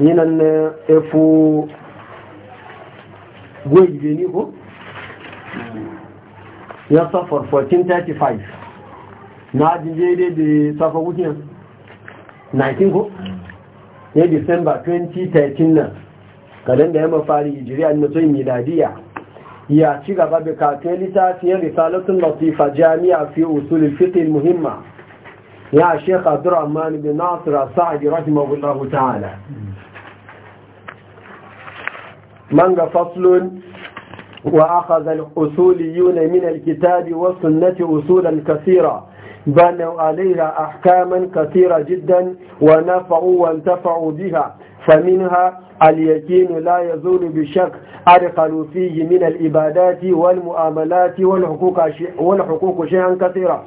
yinan efu efo bi ni ko? ya safar 1435 na ajije daidai da safa na 19 ko? ne december 2013 nan kadan da ya hijriya ne na tsoyin miladiya ya ci gaba da katon littafiyar risalatun latifa jami'a fi usul al fiqh al muhimma ya shekha abdurrahman bin nasir as-sa'di rahimahullahu ta'ala manga faslun وأخذ الأصوليون من الكتاب والسنة أصولا كثيرة بنوا عليها أحكاما كثيرة جدا ونفعوا وانتفعوا بها فمنها اليقين لا يزول بشك أرقل فيه من الإبادات والمؤاملات والحقوق, والحقوق شيئا كثيرا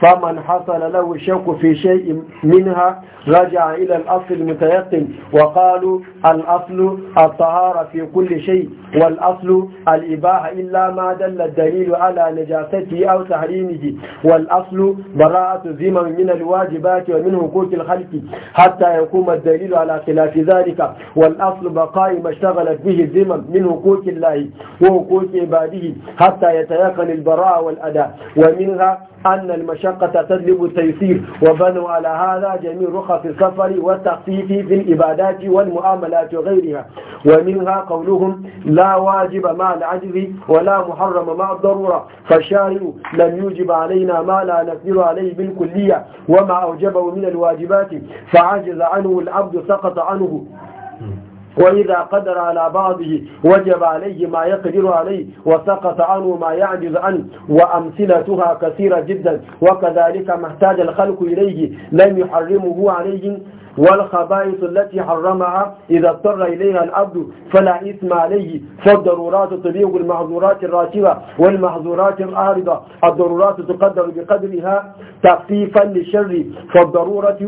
فمن حصل له الشك في شيء منها رجع إلى الأصل المتيقن وقالوا الأصل الطهارة في كل شيء والأصل الإباحة إلا ما دل الدليل على نجاسته أو تحريمه والأصل براءة الذمم من الواجبات ومن حقوق الخلق حتى يقوم الدليل على خلاف ذلك ذلك والأصل بقاء ما اشتغلت به الذمم من حقوق الله وحقوق عباده حتى يتيقن البراء والأداء ومنها أن المشقة تجلب التيسير وبنوا على هذا جميع رخص السفر والتخفيف في العبادات والمعاملات وغيرها ومنها قولهم لا واجب مع العجز ولا محرم مع الضرورة فالشارع لم يوجب علينا ما لا نقدر عليه بالكلية وما أوجبه من الواجبات فعجز عنه العبد سقط عنه وإذا قدر على بعضه وجب عليه ما يقدر عليه وسقط عنه ما يعجز عنه وأمثلتها كثيرة جدا وكذلك ما احتاج الخلق إليه لم يحرمه عليهم والخبائث التي حرمها إذا اضطر إليها العبد فلا إثم عليه فالضرورات تليق المحظورات الراتبة والمحظورات العارضة الضرورات تقدر بقدرها تخفيفا للشر فالضرورة,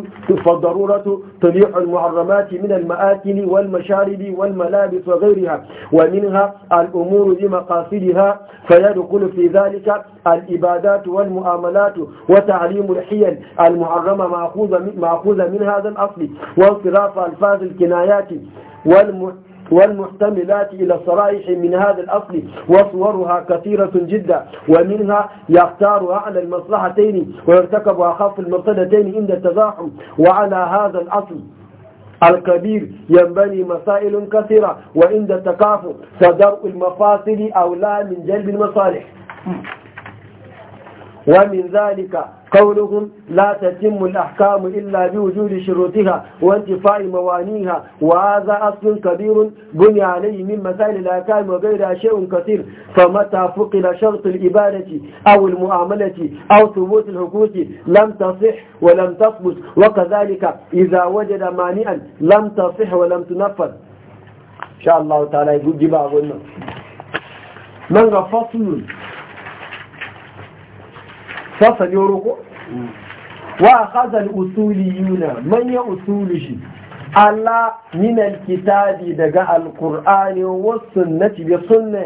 فالضرورة تليق المحرمات من المآكل والمشارب والملابس وغيرها ومنها الأمور بمقاصدها فيدخل في ذلك الإبادات والمؤاملات وتعليم الحيل المحرمة مأخوذة من هذا الأصل الأصل وانصراف ألفاظ الكنايات والم... والمحتملات إلى الصرائح من هذا الأصل وصورها كثيرة جدا ومنها يختارها أعلى المصلحتين ويرتكب أخف المرتدتين عند التزاحم وعلى هذا الأصل الكبير ينبني مسائل كثيرة وعند التكافؤ فدرء المفاصل أولى من جلب المصالح ومن ذلك قولهم لا تتم الأحكام إلا بوجود شروطها وانتفاء موانيها وهذا أصل كبير بني عليه من مسائل الأحكام وغيرها شيء كثير فمتى فقد شرط الإبادة أو المعاملة أو ثبوت الحقوق لم تصح ولم تثبت وكذلك إذا وجد مانئا لم تصح ولم تنفذ إن شاء الله تعالى يقول جبا من غفصل sassa ne roko wa khazal usuliyuna manya usulishi ala min kitabi daga alqur'ani wasu sunnati bi sunna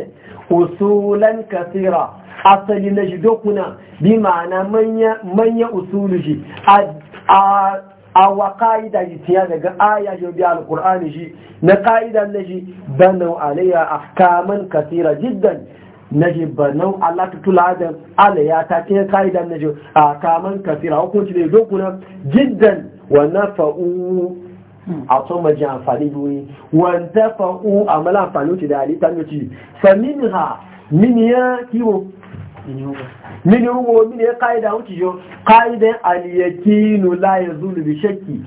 usulan kasira asali na shi dokuna bi ma'ana manya usuli shi a a wa ka'ida daga aya shi bi shi na ka'idan na shi banu alayya ahkaman kathira jiddan na ji banan Allah ta da Allah ya ta ce ka'idan na ji a kaman kafira hukunci da dokuna jiddan wa nafa'u a tso maji amfani biyu wanda fa'u a mala amfani wuce da halitta mace famin ha min ya kiwo min ruwo min ya ka'ida wuce yau ka'idan aliyakinu la ya zulu bi shakki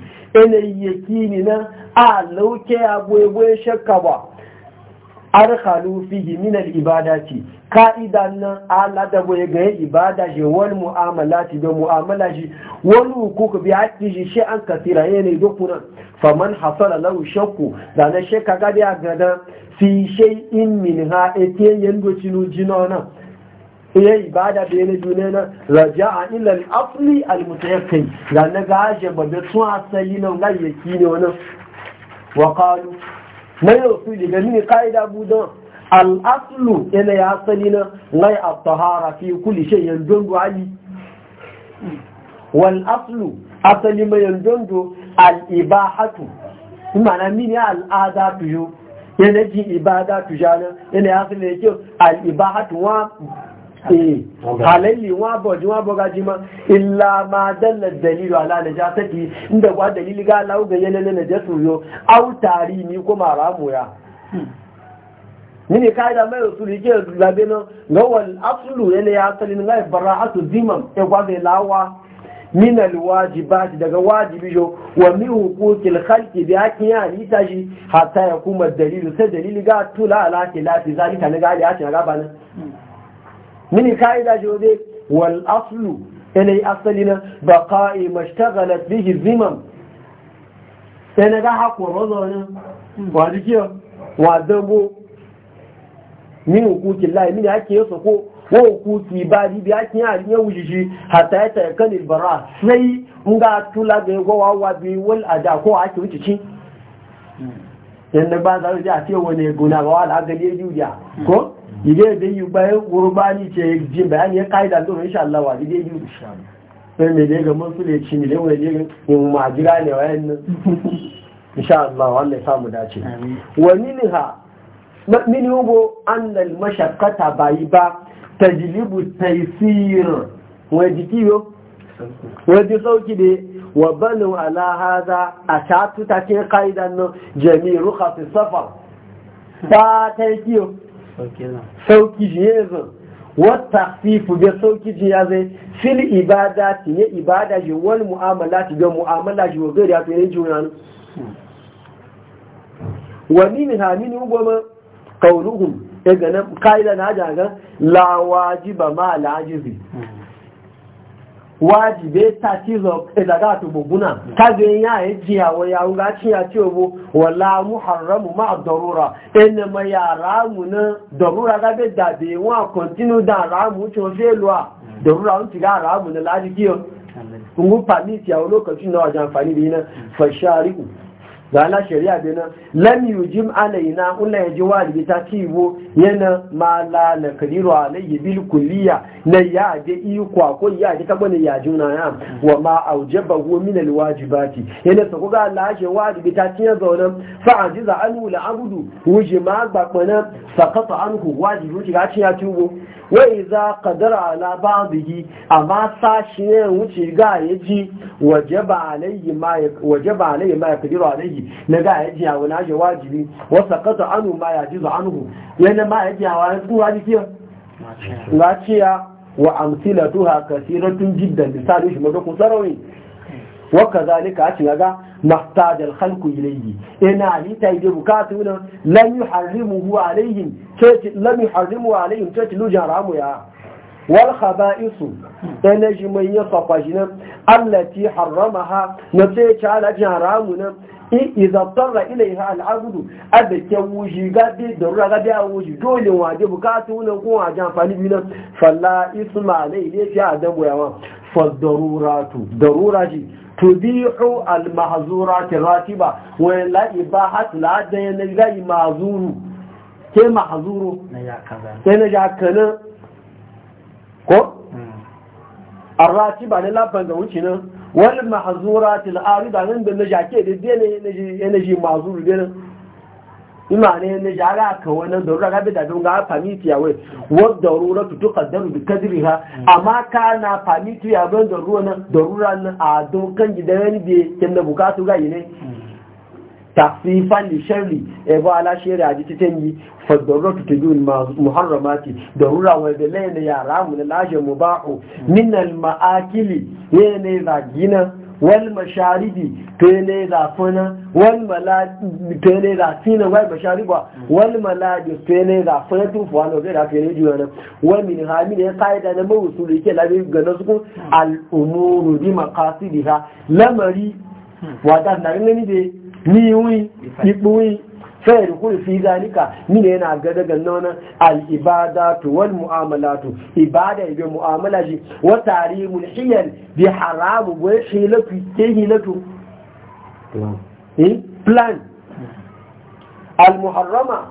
ina yakini na a lauke abuwa shakka ba arhalu fihi min al-ibadati ka'idan nan Ala da boye ga ibada je wal mu'amalati da mu'amala shi wal hukuk bi haqqi shi an kasira yana eh, dokuna faman hasala lahu shakku da na she kaga da gada fi in min ha etiye eh, yando cinu jinona iya eh, ibada da yana juna na raja'a ila al-asli al-mutayaqqin da na gaje babbe tun asali nan ga yake ne wannan wa qalu mai rasu daga mini ka'ida budan al'aslu yana ya asali na ngai a tahara fi kulli shay yandondo ali wal aslu asali mai yandondo al ibahatu na mini al'ada tuyo yana ji ibada tujana yana ya asali ne al ibahatu wa Eh, halalli wa boji wa boga jima illa ma dalla dalilu ala najasati inda kwa dalili ga lawo ga yana na najasu yo au tari ni ko maramu ya nini kaida mai usuli ke zabe no ga wal aslu yana ya asalin ga bara'atu zimam e kwa lawa min daga wajibi jo wa min huquqil khalqi bi hakin ya ni tashi hatta yakuma dalilu sai dalili ga tula ala ke lafi zalika ne ga ya ce ga bana mini ka'ida jode wal aslu yanayi asali na اشتغلت به bihi zimam sai na ga haƙon razonin من jikiyar الله dango min hukukin layi mini ake yi sako wa hukuki ba bibi a yin wuce shi hata ya tarkan bara sai in tula ga yi gwawa wa wuce yadda a ce wani guna ko ile da yi bayan gurbani e ce jin bayani ya e kai da zuwa insha Allah wa dai yi sai mai dai ga musule ci e ne dai wani yin majira ne wayan nan insha Allah wallahi samu dace wa minha min yubo an al mashaqqata bayi ba tajlibu taysir wa dikiyo wa di sauki ne. wa banu ala hadha atatu takin qaidan Jami'in khas safar ba taykiyo sauki shi ya zan wata sifu sauki shi fili fil ibada ti ya ibada ji wani mu'amala ti mu'amala ji wa gari ya fi yin juna ne wani min hamini goma kauluhun ya e ganin ka'ida na jagan la wajiba ma la ajizi hmm. wajibe tatizo daga tubuguna kaze ya ejiya wa ya unga ciya cewo wala muharramu ma darura inna ma ya ramu na darura ga be da be wa continue da ramu to fe lwa darura un ti ga ramu na laji kiyo kungu permit ya na wajen amfani da na mm. fashariku zala shari'a bi nan lam yujim alaina ulla yaji wajibi ta tibo yana mala na kadiru alayhi bil kulliya na ya de iko ko ya de tabo ne ya juna ya wa ma hu min al wajibati yana to ga la shi wajibi ta tiya zauna fa ajiza anhu la abudu wujima gbapana saqata anhu wajibi ga ci ya tubo wai za kadara ala ba'dihi amma sashi ne wuce ga yaji wajaba alayhi ma wajaba alayhi ma yakdiru alayhi na ga yaji a wani aje wajibi Wasu kata anu ma yajizu anu. yana ma yaji a wani tsuwa na ciya wa amsilatuha kasiratun jiddan misali shi madakun sarawin waka zalika a cinaga mahtajar hankun ilayi ina halitta yi bukatu wani lami harrimu huwa alayhim ceci lami harrimu wa alayhim ceci lujan ramu ya wal khaba'isu ina ji mai yi kwakwa shi nan allaci harrama ha na ceci alajin ramu nan izattar da ilayi ha al'agudu a da ke wuji gabi da rura gabi a wuji dole waje bukatu wani ko waje amfani biyu nan falla isu ma alayhi ne fi adabu yawa fa daruratu, daruraji. tubihu al-mahzurati ratiba wani la ibahat la da ne la mahzuru ke mahzuru na ya kaza na ya ko ar-ratiba ne la banga wuce nan wal mahzurati al-arida nan da na jake da ne ne ne mahzuru da nan imane ne jara ka wannan darura ga bida don ga famiti ya wai wa darura tu tuqaddaru bi kadriha amma kana famiti ya ban darura nan darura nan a don kan gidan ne kin da bukatu ga yine tafifan li sharri e ba ala shari a jiti tangi fa darura tu tujun muharramati darura wa da laina ya ramu la mu bahu min al maakili ne ne gina wal masharibi tele da fana wal maladi tele da fina wal da fana tu fa ga da tele ju min ha min ya labi ga na su al umuru bi maqasidiha lamari wa da na ni de ni wi ipu fayar rukun fi zalika ni ne yana ga daga nan al wal mu'amalatu ibada ibe mu'amala shi wata tarimul hiyal bi shi lafi ke hilatu eh plan al-muharrama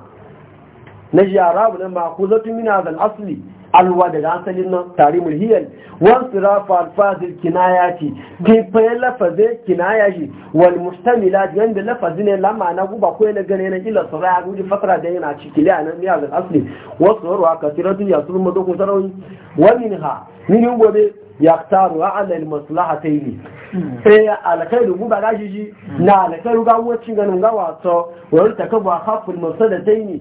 shi haramu na ma'khuzatu min hadha al-asli alwa daga asalin nan tarimul hiyal wan sirafa alfazil kinayati bi fayan lafaze kinayaji wal mustamilat yanda lafazi ne lama na guba ko na gane na illa sura ya guji fasara da yana ciki la nan ya ga asli wa surwa katiratu yasul madukun sarawi wa minha min gobe yaktaru ala al maslahatayn sai eh, alkhairu guba gashi na alkhairu ga wucin ganin ga wato da ta yi ne.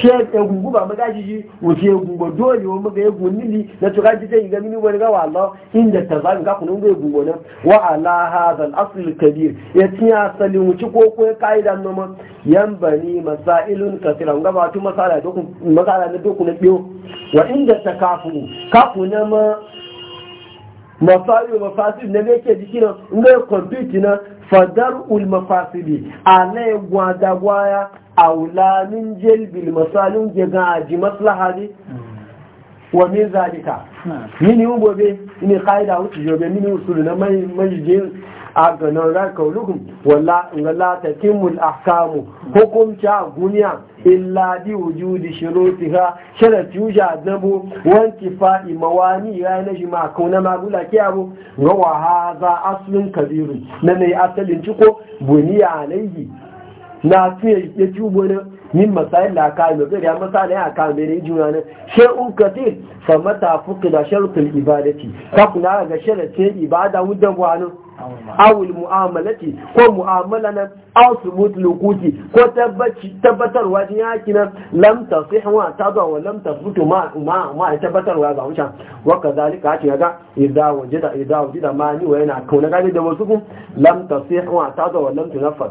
ṣe egungun bàbá gájíjí òfin egungun dóòlì dole mọ́gá egun nílì lẹ́tọ́ gájí tẹ́ ìgbà mínú wọn gáwà lọ inda tazari kakùn ní egungun náà wà aláhàzà asìlì kabir ya tí a wuce, wuci ko kuma ka'ida noma yan bani masailun kasira nga ba tu masala na dokun na biyu? wa inda ta kafu kafu na ma masailu mafasil na ne ke jiki na nga ya kwamfiti na fadar ulmafasili a na gwada a wulanin jelbil masalin gina a ji maslaha ne wa min zalika mini gobe ne ka'ida wuce jobe mini usulu na mai jin a ganin ran wala la takimul ahkamu kamu. a guniya illa shiroti ha shirar tuja zabo wanki fa'i mawani ya na shi ma kauna magula ke abu ga wa hadha aslun Kabiru, na mai asalin ciko buniya alayhi na tuye ya tubo na min masayin da aka da zai ya da ya kan da juna ne sai un katir fa mata da sharutul ibadati ka kuna ga sharatin ibada wudan wani awul mu'amalati ko mu'amala nan aw subut lukuti ko tabbaci tabbatarwa din yaki nan lam tasih wa tadwa wa lam tasbutu ma ma ma tabbatarwa ga wancan wa kadhalika ati ga idza wajada idza wajada ma ni wa yana kauna ga da wasu lam tasih wa tadwa wa lam tunaffad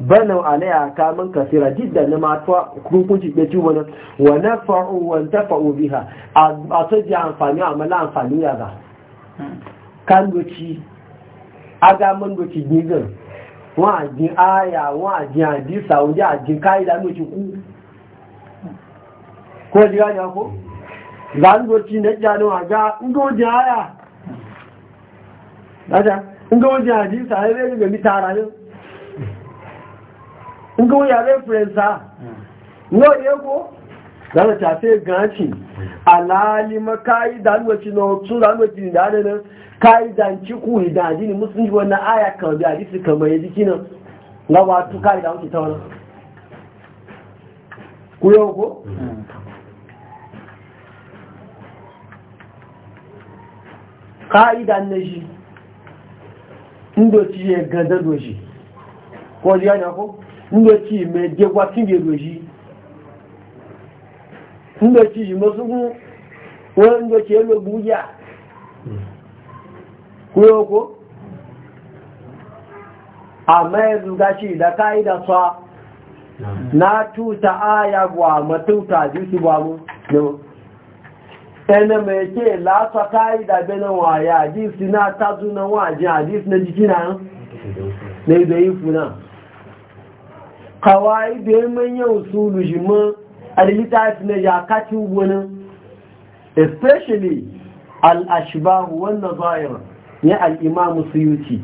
banau alaya kamun kasira jiddan na matuwa hukunci da ci wani wa na fa'u wa ta biha a ta ji amfani a mala amfani ya ga kan doci a ga man doci gizin wa'ajin aya wa'ajin hadisa wajen ajin kayi da ci ku ko ji gani ako zan doci na jano a ga ngojin aya Daga, in ga wajen hadisa, ya rege ga mitara yau, nga ya reference ha no ko? Za ta sai ganci alalima kaida lokaci na otu da lokaci da ne ne kaidan ciku idan dini musulunci wannan aya kan da hadisi kamar yaji kinan na watu kaida wuce ta wannan ku yego kaida ne shi ndo ci ya gada doshi ko ji ya ko ndochi ime jegwa kinge roji ndochi ime sugu wọn ndochi elo buja kuyoko amma yanzu gashi da ka'ida sa na tuta aya gwa matuta jisi gwa mu ẹni ka'ida benin na a na na ibe ifu na kawai da ya manya wasu shi a da na jakatin wani especially al'ashibahu wanda zahira ya al'imamu su yuci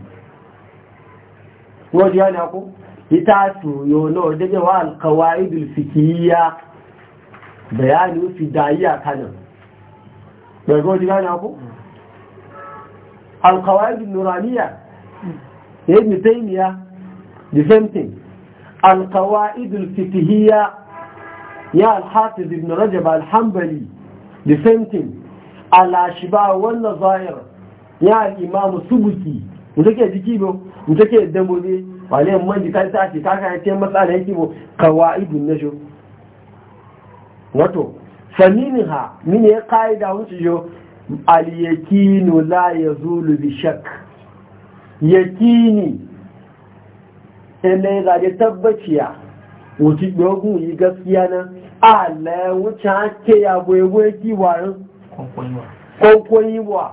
wadda ya ku littafi yono da yawa alkawai da fikiyya bayani fidayya kanan daga wadda ya naku alkawai da nuraniya ya yi mutaimiya the same thing القواعد الفتهية يا الحافظ ابن رجب الحنبلي the same thing الأشباء والنظائر يا الإمام السبكي mutake jiki bo mutake dambo ne wale man ji kai sashi ka ka ce matsala yake bo qawaidun nashu wato faminha min ya qaida wuce yo al yakinu la yazulu bi shakk yakini ene zaje tabbaciya wuci dogon yi gaskiya na nan ala wuce ake ya gwegwe kiwarin kwankwayi wa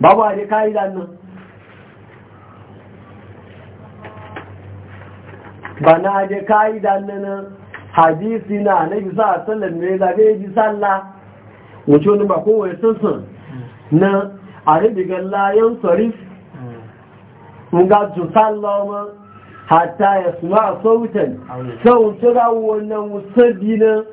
babu a je kayi nan ba na je kayi nan hadisi na na yi sa sallar ne zabe ji sallah wuce wani ba kowai sansan hmm. na a ribigar layan sarif nga ju sallama hatta ya suna sautan sau tura wannan wasabi na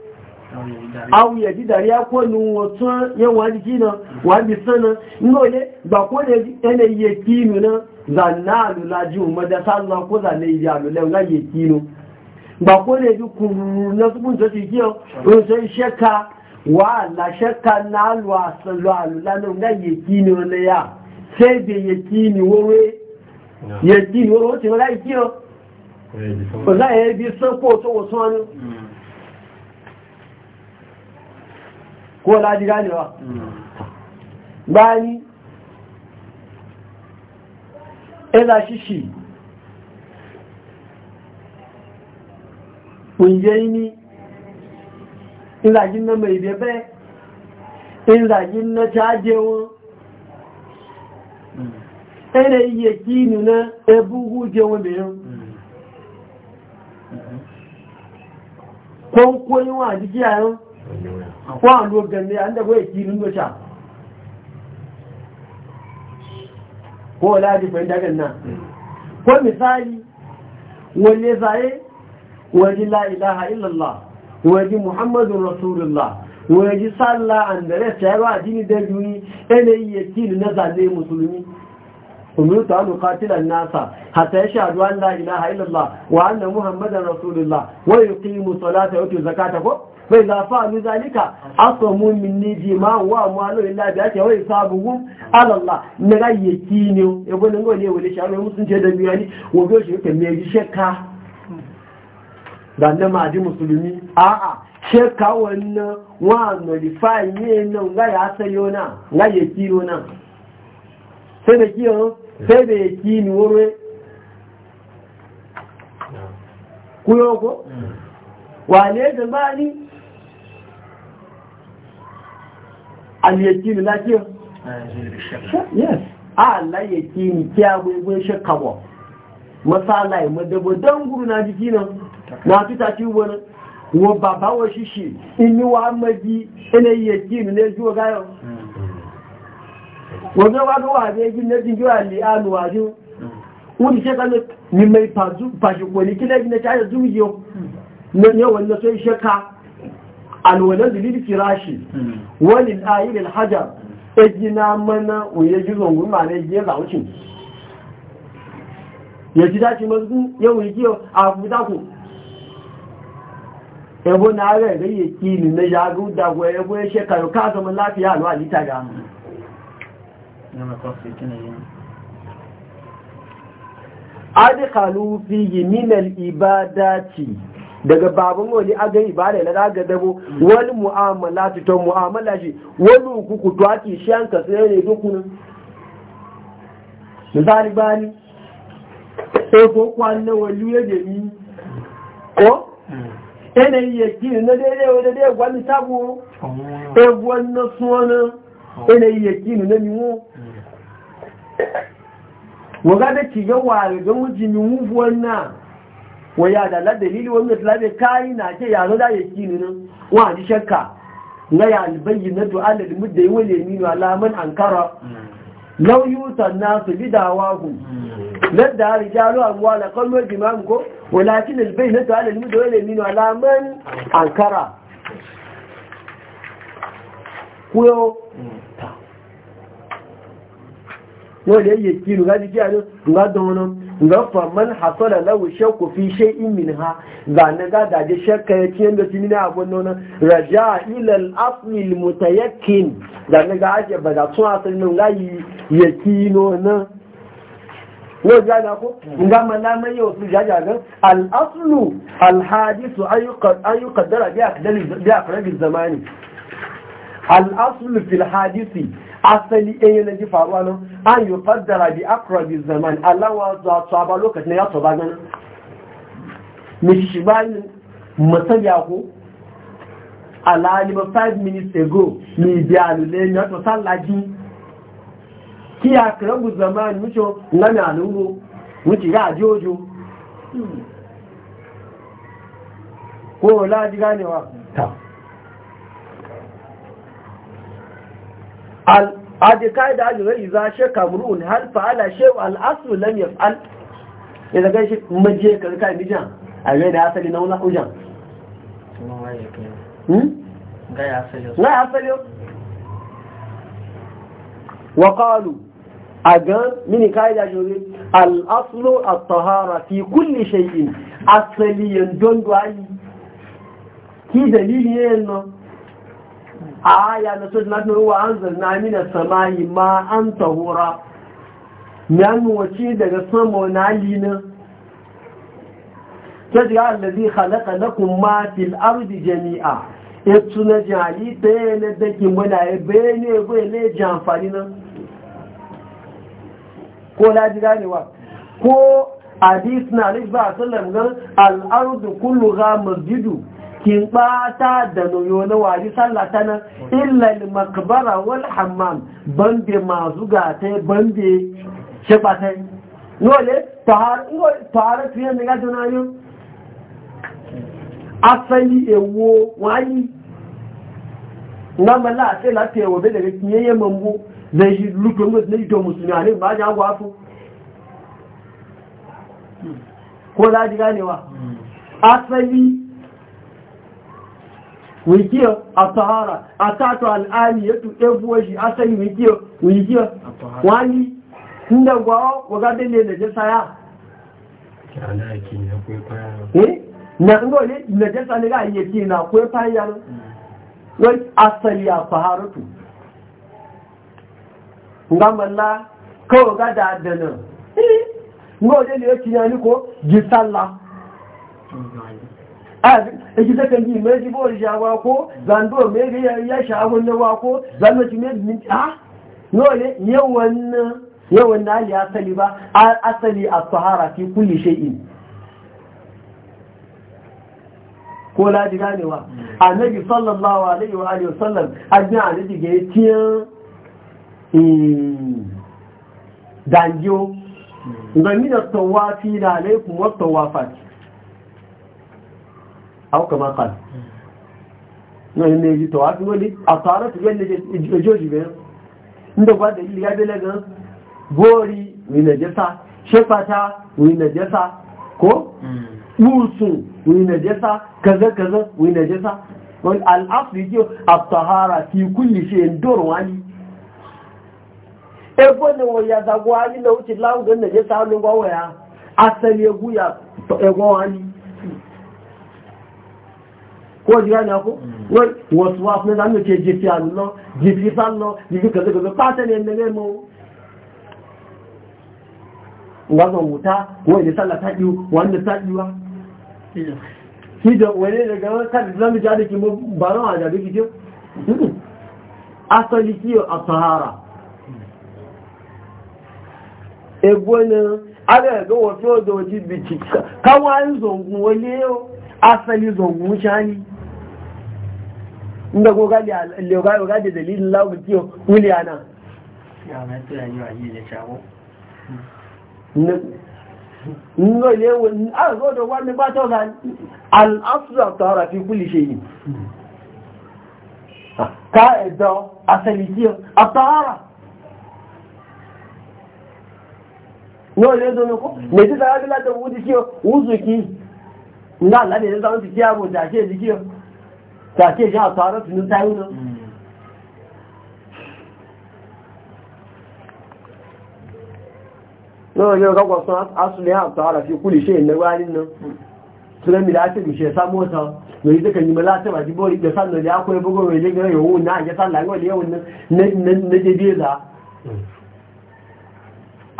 awu ya ji dariya ko nun wasu yan wani kina wani sana nga wale ba ko da yanayi ya kinu na zanna alula ji umar da sallama ko zanne ya alula nga ya kinu ba ko da ji kururu na su ta ci kiyo rusun shakka wa la shakka na alwa sallu alula na nga ya kinu na ya sai da ya kinu wawe yẹ̀dí ìhòrò ti rẹ̀ láì kí ọ pẹ̀lá e ẹbí sánpò tó wò sán ní kó láti dáni wa gbá ní ẹlà ṣíṣì òyìnjẹ́ ní ìlàjí náà mẹ́ ìbẹ̀bẹ̀ ìlàjí náà tí á jẹ wọn ẹ̀rẹ̀ iye kí nìna ẹbúgú jẹun bèèrè kó ń kó níwọ̀n àjíjí àyán wọ́n àlò gẹ̀lẹ̀ àndẹ̀wọ̀ èkí nínú ṣà kó láti pẹ̀lú dágẹ̀ náà kó misali wọ́n lè sáyé wọ́n jí láìláha illallah wọ́n jí muhammadu rasulullah wọ́n jí sálà àndẹ̀rẹ̀ ṣẹ́rọ àdínidẹ́jú ní ẹlẹ́yẹ kí nìna musulmi umirtu an uqatila an-nasa hatta yashhadu an la ilaha illa Allah wa anna Muhammadan rasulullah wa yuqimu salata wa yutu zakata ko fa idza fa'alu zalika asamu niji ma wa amalu illa bi ati wa isabuhum ala Allah ne ga yakini e bo ne ngole wele sharu je da biyani wo go shi ke me shekka dan ma ji musulmi a'a shekka wannan wa modify ne nan ga ya sayo na ga yakiro na sai da kiyo sai da ya kini wuri kuyoko wane zamani aliyakini lafiya yes Allah ya kini kya gwaigon shakawa masala ya madabo don guru na jiki nan na fita ci wani wa babawa shishi iniwa magi ina yi yakini ne zuwa gayon wọ́n wá ló wà ní ẹgbí lẹ́bí yóò àlè alùwàjú wọ́n ti ṣẹ́ta ní mẹ́ pàṣùpọ̀ ní kílẹ̀ ìgbìnà ṣáyẹ̀ zúwìyọ ní ọwọ́n lọ́sọ iṣẹ́ ká alùwẹ̀lẹ́ lìlì fìráṣì wọ́n lè ayílẹ̀ hajjá ẹjìnà mọ́ná òye jùlọ ẹbọ́n ààrẹ̀ adikalu yi minal ibadati daga babin wani aga ibada na daga dabo wani mu'amala ta mu'amala shi wani hukuku to ake shi an kasu ne ne dokunan misali bani e ko kwanne wani ya gani ko yanayi ya gini na daidai wadda daidai gwani tabo e wannan suwanan yanayi ya gini na mimo waga da ci yawa ga mujini wufuwan na waya da la dalili wanda tlabe kai na ke yaro da yake ni nan wa ji shakka na ya albayyinatu ala almudda wal yamin ala man ankara law yuta nasu bidawahum hmm. ladda rijalu amwala qallu jimam ko walakin albayyinatu mudda wale wal yamin ala man ankara yau. wanda ya yi nga jiki a nga dono nga faman hasala lahu shakku fi shay'in minha ga na ga da je shakka ya ci yanda ci mina abun nona raja ila al asli al mutayakkin ga na ga aje ba da tun asali nan ga yi yakino na wo ja na ko nga mala mai yau su ja ja ga al aslu al hadithu ayuqad ayuqad bi akdali bi akrabi zamani al aslu fil hadithi asali ɗaya na ji faruwa nan an yi faddara bi akrabi zaman allawa zuwa tsaba lokacin ya tsaba ganin mishi bayan masaliya ko alaliba 5 minutes ago ni bi alule ni ọtọ sallaji kí a kìrọ̀gù zaman níṣọ́ lọ́nà àlúwò wíkì rá àjí òjò kó láti gánewa ta adi kai da ajiyar iza shekka murun hal fa'ala shewa al'asu lam ya fa'al ya zaga shi maje karka mijan a gai da asali na wula ujan hmm? ya asali wa qalu agan mini kai da ajiyar al'aslu at-tahara fi kulli shay'in asali yan don duwayi ki dalili ne nan aya na sun na wa an zanna mina samayi ma an tahura nan wace daga sama na lina ta jiga allazi khalaqa lakum ma fil ardi jami'a yatsu na jali ta yana dakin muna ya bene bai ne jamfani nan ko la jiga ne wa ko hadith na alayhi sallam gan al ardu kulluha masjidu kin bata da noyo na waji sallata nan illal makbara wal hammam bambe bande ce ba shebata nole tare fiye ne ga na yo asali ewo wani na mala sai la te wo da daga ye mambu zai shi lukun wasu na ito musulmi ba ja ba ya ko ko za ne wa? Hmm. asali wikiyar a sahara a tato al'ali ya tuɗe buwa shi asali wikiyar wikiyar wani inda na hmm. wagada ne da jasa ya na ngole na jasa ne ya yake na kwai ya wai asali ya saharatu ngamalla kawai ga da adanin ngole ne ya cinani ko gisalla ake zakan yi mai jibo shawa ko zando mai ya shawa na wako zando ci mai minti ha nole yawan yawan na ali asali ba asali a sahara fi kulli shay'in ko ladi ganewa annabi sallallahu alaihi wa alihi wasallam a alidi ga tiyan danjo ga mina tawafi da alaikum wa tawafati au kama kan na ne yi to wasu wani a tare su yadda ya joji bayan inda ba da ili ya bela gori wi na jesa shefata wi na jesa ko musu wi na jesa kaza kaza wi na jesa wani al'afi jiyo a tahara fi kulli shi doron wani ebo ne wo ya na wuce lawun na jesa wani gwawaya asali ya guya egwa ko ji ya ko wai wasu wasu ne zamu ke jifi allo jifi sallo jifi kaza kaza fata ne ne mu ngazon wuta wai ne sallah ta diu wanda ta diwa shi da wani daga kan zamu ji adaki mu ba ran aja biki ce asali kiyo asahara egwene aga ga wofi ozo da bi ci kawai zongun wale asali zongun shani inda ko gaji leogayo gaji dalilin lagun kiyo wuliya na ya mai arzodo wa nípa tọ́ka al'asura tọ́ra fi kúlì ṣe yìí ká ẹ̀dọ́ asẹ̀lìtíọ̀ àtọ́ra ní olè ẹ̀dọ́nukú mẹ́tí tàbí látọ̀ wúdí kí o wúzù kí ní aláàdẹ̀ ẹ̀dọ́ ti kí àbòdà ṣe èdí kí o tàbí èyí àtàrà tìlú táyé náà náà yóò rọ́gbọ̀ sán asùnlẹ̀ àtàrà fi kú lè ṣe ìlẹ́wà nínú tùlẹ́mì láti ìṣẹ́ sámọ́ta lórí tó kẹjìmọ̀ láti wà jíbọ́ ìgbẹ̀ sánàlẹ̀ akọ́ ẹgbogbo rẹ̀ lẹ́gbẹ̀rẹ̀ yòówù náà jẹ́ sánàlẹ̀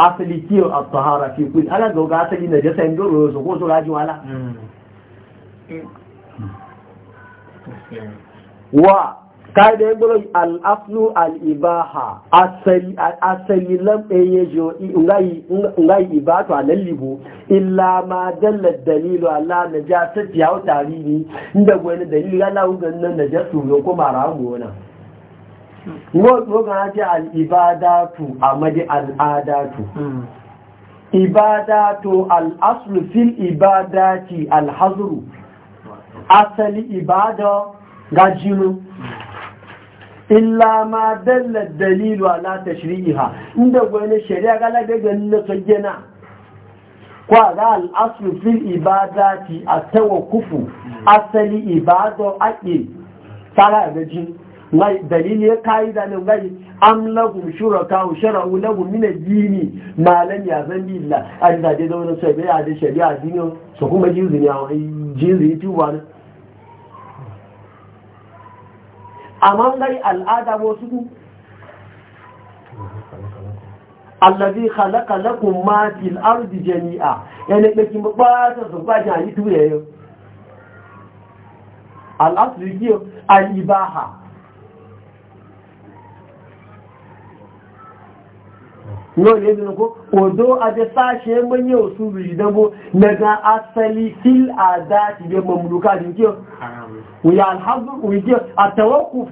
asali kiyo a tahara fi kuli ala ga asali na jasa yin doro su ko su rajin wala hmm. wa kaida ya Al al'aflu al'ibaha asali lamɓe ya ji ngayi ibatu a lallibu illa ma dalla dalilu ala na ja sati hau tarihi inda gwani dalilu ya lawu ganin na ja su yau kuma ramu wana rogan ake al'ibadatu a madi al'adatu hmm. ibadatu al'aslu fil ibadati al'hazuru asali ibada ga jinu illa ma dalla dalilu ala tashri'iha inda gwani shari'a ga lagaga na tsogena kwa ga al'asu fil ibadati a asali ibada ake tara ga jin, dalili ya kayi da nan gari am lahum shuraka shara'u lahum min ad-dini ma lam bi an da dai da wannan sai bai da shari'a dinin su kuma jinzi ne jinzi tuwa ne amma ngai al'ada wasu ku allazi khalaqa lakum ma fil ardi jami'a yana dake mabata su ba jani tuye al asli al ibaha yau ne zina ko odo a da sashe manye wasu ruji dabo daga asali fil a dati da mamluka da kiyo wuya alhazu wuyi a tawakuf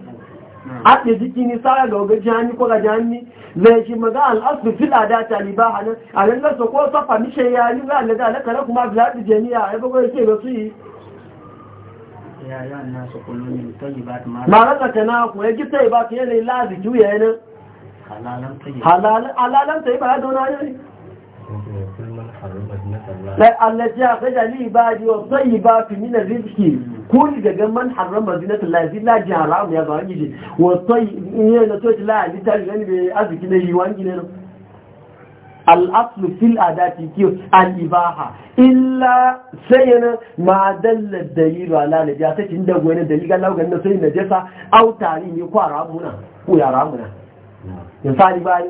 a ɗe jiki ni tsara ga ogaji hannu ko ga hannu zai shi maza al'asu fil a dati a liba hannun a nan lasa ko safa mishe ya yi za a lada alakara kuma biladi jami'a a yaba kawai ke ga su yi ma rasa ta ku ya gita ba ta yanayi lazi juya yanar halalan tsaye ba ya zauna wani ne allaci a kaja ni ba ji wa tsayi ba fi mina rizki Kun daga man harama zinatun lafi laji haramu ya ba gije wa tsayi in na toshi la halitta ne wani bai arziki na yi wani ne al'aslu fil adati kiyo al'ibaha illa sayana ma dalla dalilu ala najasa kin da gwani dalilan laugan na sai najasa autari ne ko haramuna ko haramuna misali bari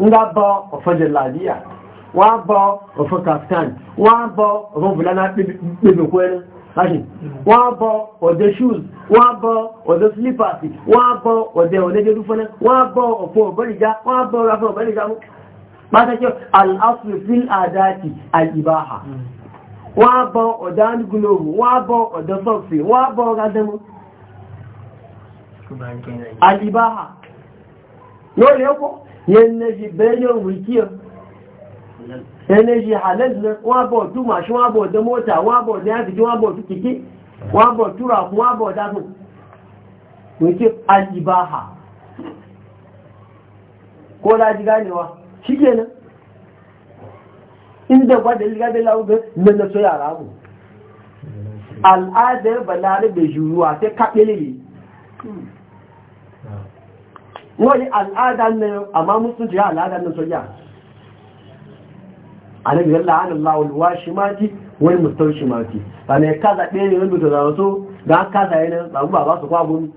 ń gá bọ́ ọ̀fọ́jẹ̀ làbíyà wọ́n á bọ́ ọ̀fọ́ kaftan wọ́n á bọ́ ọ̀fọ́ fulana pẹ̀lẹ̀kọ́ ẹnu láti wọ́n á bọ́ ọ̀dẹ́ shoes wọ́n á bọ́ ọ̀dẹ́ slippers wọ́n á bọ́ ọ̀dẹ́ ọ̀lẹ́dẹ́dú fọ́nà wọ́n á bọ́ ọ̀fọ́ ọ̀bẹ́rìjá wọ́n á bọ́ ọ̀rọ̀ ọ̀bẹ́rìjá mú pàtàkì al'asùn fil àdáàtì lórí ẹkọ́ yẹnẹ́jì bẹ́yọ̀ wìkíọ̀ yẹnẹ́jì àlẹ́sìnà wọ́n bọ̀ tú màṣí wọ́n bọ̀ dẹ mọ́ta wọ́n bọ̀ dẹ àfìjí wọ́n bọ̀ tú kìkí wọ́n bọ̀ túra fún wọ́n bọ̀ dákùn wìkí alìbáhà inda ba da ligabe so yara al'adar balare bai juruwa sai kaɓe ne wani al'ada nan amma Musulci musulunci al'ada nan soja annabi sallallahu alaihi wasallam wa shi mati wani mustar shi mati ba ne kaza ɗaya ne wanda ta zama so ga kaza yana samu ba ba su kwabun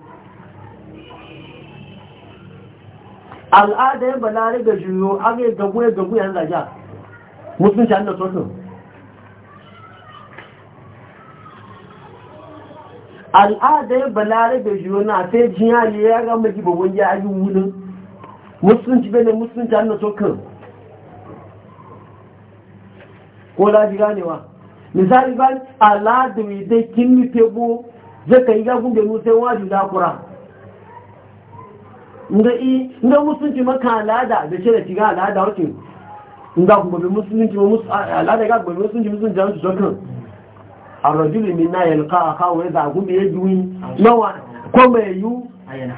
al'ada yan balare ga juyo aga gagu ya gagu yan zaja Musulci an da sosin al'adar da shi wani sai jiya ne ya ga maki babban ya yi wunin musulunci bane musulunci an na ko da ji ganewa misali ba al'adar mai kin mi tebo zai ka yi gagun da musai wajen dakura inda yi inda musulunci maka al'ada da ce da shiga al'ada wacin inda kuma bai musulunci al'ada musulunci musulunci musulunci الرجل منا يلقى أخاه وإذا قم يجوي نوع كما يو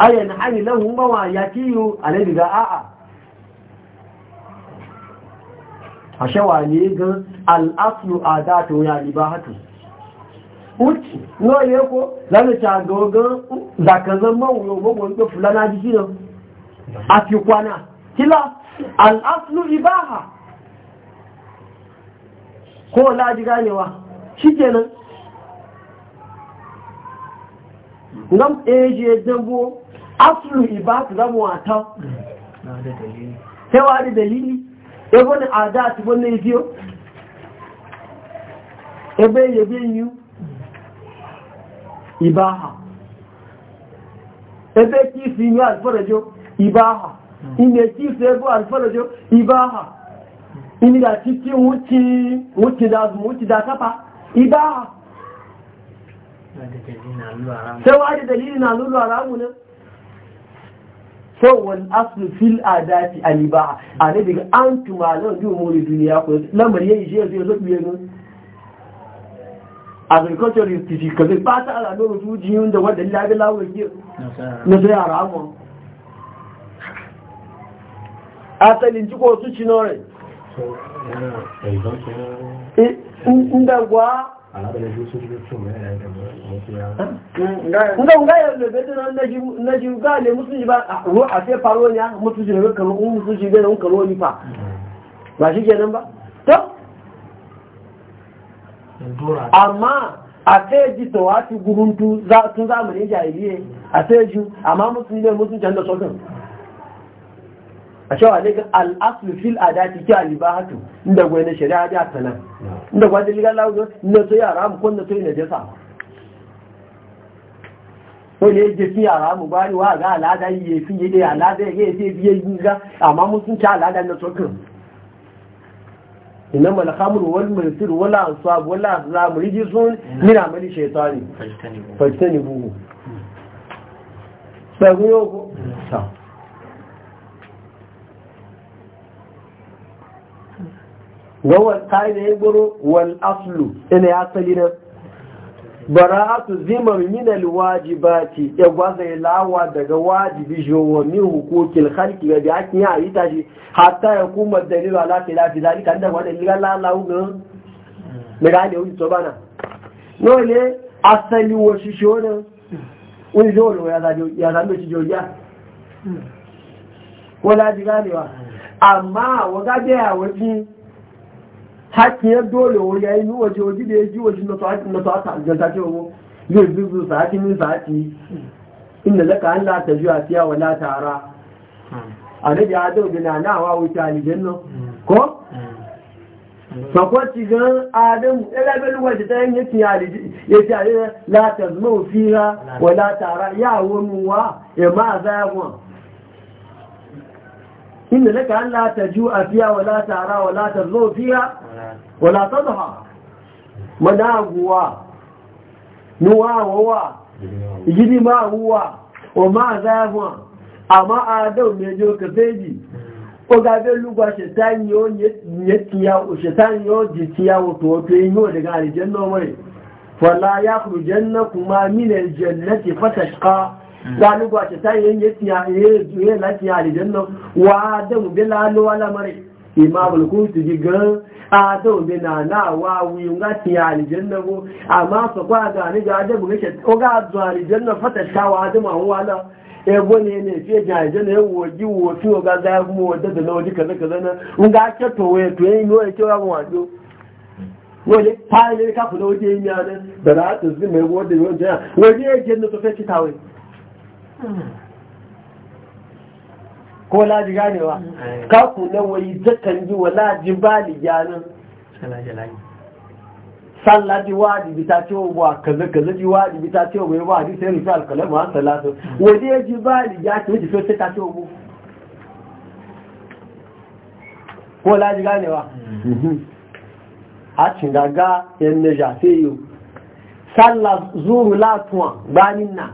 أين حني له نوع يكيو عليه بقى آآ أشوى ليك الأصل آداته يا إباهته Uci, no ye ko zane ta gogon zakazan mawuyo gogon ga fulana jiki nan a fi kwana. Kila, ibaha ko laji ganewa. shi kenan ngam eje dabo aslu ibat zamu wata sai wa dalili ebo ne adat bo ne ebe yebe yu ibaha ebe ki si alfarajo ibaha ime ki si alfarajo ibaha ini da titi wuti da wuti da kapa ibaa sai wa da dalili na lulu haramu ne sauwan aslu fil adati alibaha a ne daga an tumalon biyu mori duniya ko lamar yayi shi yanzu ya yanzu biyu ne agriculture institute ka zai fata ala nuru tujiyun da wadda lalata lawar gir na sai haramu asalin ciko su ci nore ngagwa nga nga na musu a musu musu kenan ba amma a sai ji to wa ti guruntu za tun zamanin jahiliye a sai ju amma musu ne musu jan da a cewa ne ga al'aslu fil adati ki alibahatu inda gwai na shari'a da ta nan inda gwai da ligar lawo na so yara mu kun na so na jasa ko ne je fi yara mu bari wa ga alada yi ya fi yi alada ya ga fi yi ga amma mun sun ci alada na so ina inna mal khamru wal maisir wala ansab wala azlam rijisun min amali shaytani fajtanibu fajtanibu yo ko wawar kai da ya guru wal aslu ina ya asali na bara'atu zimar minal wajibati ya gwaza ya lawa daga wajibi jowo min hukukin harki ga da hakin ya yi tashi hatta ya kuma dalilu ala filafi zalika da wadda liga lalawu ga daga ne wuce bana no ne asali wa shi shonan Wani jolo ya zaje ya zaje shi joja wala diga ne wa amma waga da ya waji hakiyar dole wani ya yi ni waje waje da ya ji waje na sa'ati na sa'ati aljanta ce wani zai zuzu sa'ati min sa'ati inda zaka an la ta juya siya wa la tara a da ya zo da nawa wuce aljanna ko sakwaci gan adam ɗalabin waje ta yin yake ya ce a la ta zama fiha wa tara ya wani wa ya ma za ya إن لك أن لا تجوء فيها ولا تعرى ولا تضلو فيها ولا تضحى مناغوا نواغوا جنماغوا وما ذاهوا أما آدم يجوك فيدي ogabe lugba shetan yo nyetiya shetan yo ya wato to yin yo daga aljanna mai wala yakhrujanna kuma min aljannati fatashqa gani mm. ba ce ta yin yi lafiya alijan nan wa da mu bi laluwa lamarin imamul kuntu ji gan adam bi na na wa wi nga ti alijanna go amma so kwa ga ni ga adam ga shet o ga zo alijanna fata ta wa adam an wala e bo ne ne fi da alijanna e wo ji wo fi o ga ga mu wa da da na ji kaza kaza na nga ke to we to e no e ke wa mu ado wole pa ne ka ku do je ni da ra ta zime wo de wo wani wo je e je no to fe ko laji ganewa Ka na wai zakan ji wa laji bali gyanin san laji wajibi ta ce wa kaza kaza ji wajibi ta ce wa yawa hadisi sai rufe alkalamu an salatu waje ya ji bali ya ce wajibi sai ta ce wa bu? ko laji ganewa a cin gaga yan na jafe yau la zuru latuwa banin na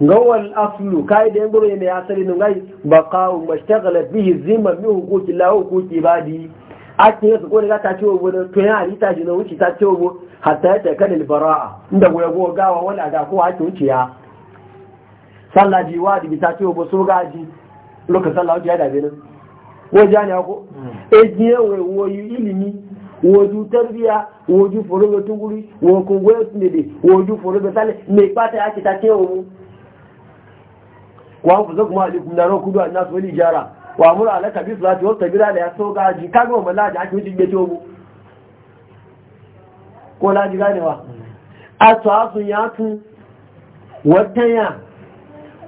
gawal aslu kai da yango ne asali nun gai baqa'u mashtaghala bihi zimma min hukuki la huquqi ibadi ake su ko daga ta ciwo gudun to yana rita shi na wuce ta ciwo go hatta ya ta kada libara'a inda goya go gawa wala da ko ake wuce ya sallah ji wa dibi ta ciwo go so gaji lokacin sallah wuce ya dabe nan ko jani ko e jiye wo yi ilimi woju tarbiya woju foro tunguri wo kongwe ne woju foro be sale ne pata ake ta ciwo wa hafu zaku ma alaikum da ran kudu an nasu wani jara wa mura alaka bi salati wa tabira da ya so gaji ka ga wannan laji ake wuce gbeto mu ko laji ganewa a to asun ya tun wata ya